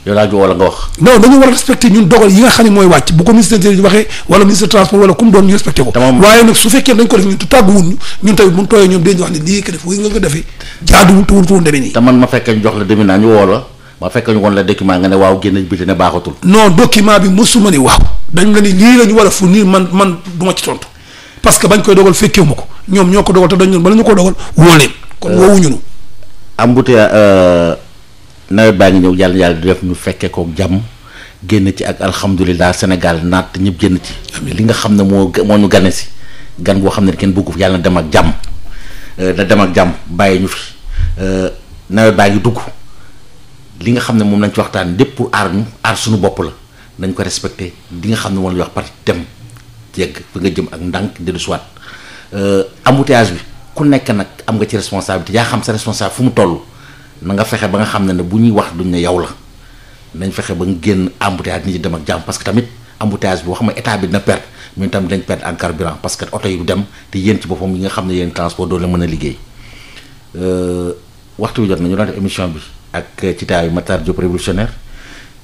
yow laa wala nga wax. non dañu war a respecter ñun dogal yi nga xam ne mooy wàcc bu ko ministre intérieur waxee wala ministre transport wala ku mu ñu respecté ko. waaye ma fekk ñu jox la demi naa ñu woo la ma fekk ñu woon la document nga ne waaw génn bi ne baaxatul. non koy dogal fekkee ma ko ñoom ñoo ko dogal te woo leen kon euh, woowuñu nu nawet baa ngi ñëw yàlla yàlla def ñu fekkee ko jàmm génn ci ak alhamdulilah Sénégal naat ñëpp génn ci. li nga xam ne moo moo ñu gane si gan boo xam ne kenn bëggu yàlla dem ak jàmm euh, na dem jàmm bàyyi ñu fi euh, nawet baa ngi dugg li nga xam ne moom lañ ci waxtaan lépp pour aar ñu bopp la nañ ko respecté li nga xam ne moom la wax dem yegg nga jëm ak ndànk dellu si waat euh, embouteillage bi ku nekk nag am nga ci responsabilité yaa xam sa responsable fu mu toll. na nga fexe ba nga xam ne ne bu ñuy wax duñ ne yow la nañ fexe ba nga génn embouteillage nit ñi dem ak jàmm parce que tamit embouteillage bi wax ma état bi dina perte ñun tamit dañ perte en carburant parce dem te yéen ci boppam yi nga xam ne yéen transport doo leen mën a liggéey euh, waxtu bi jot na ñu doon def émission bi ak ci taayu Matar Diop révolutionnaire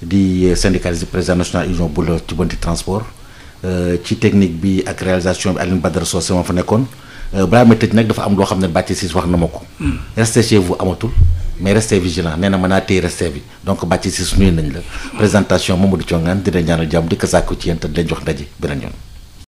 di syndicaliste président national union bu la ci banti transport euh, ci technique bi ak réalisation bi Aline Badara Sow sama fa nekkoon Euh, balaa may tëj nag dafa am loo xam ne bàcce siis wax na ma ko. Hmm. restez chez amatul mais restez vigilant nee na mën naa téye restez bi donc bàcce siis nuyu nañ la hmm. présentation Mamadou Thiongane dina ñaanal jàmm di ko sàkku ci yéen te dinañ jox ndaje beneen yoon.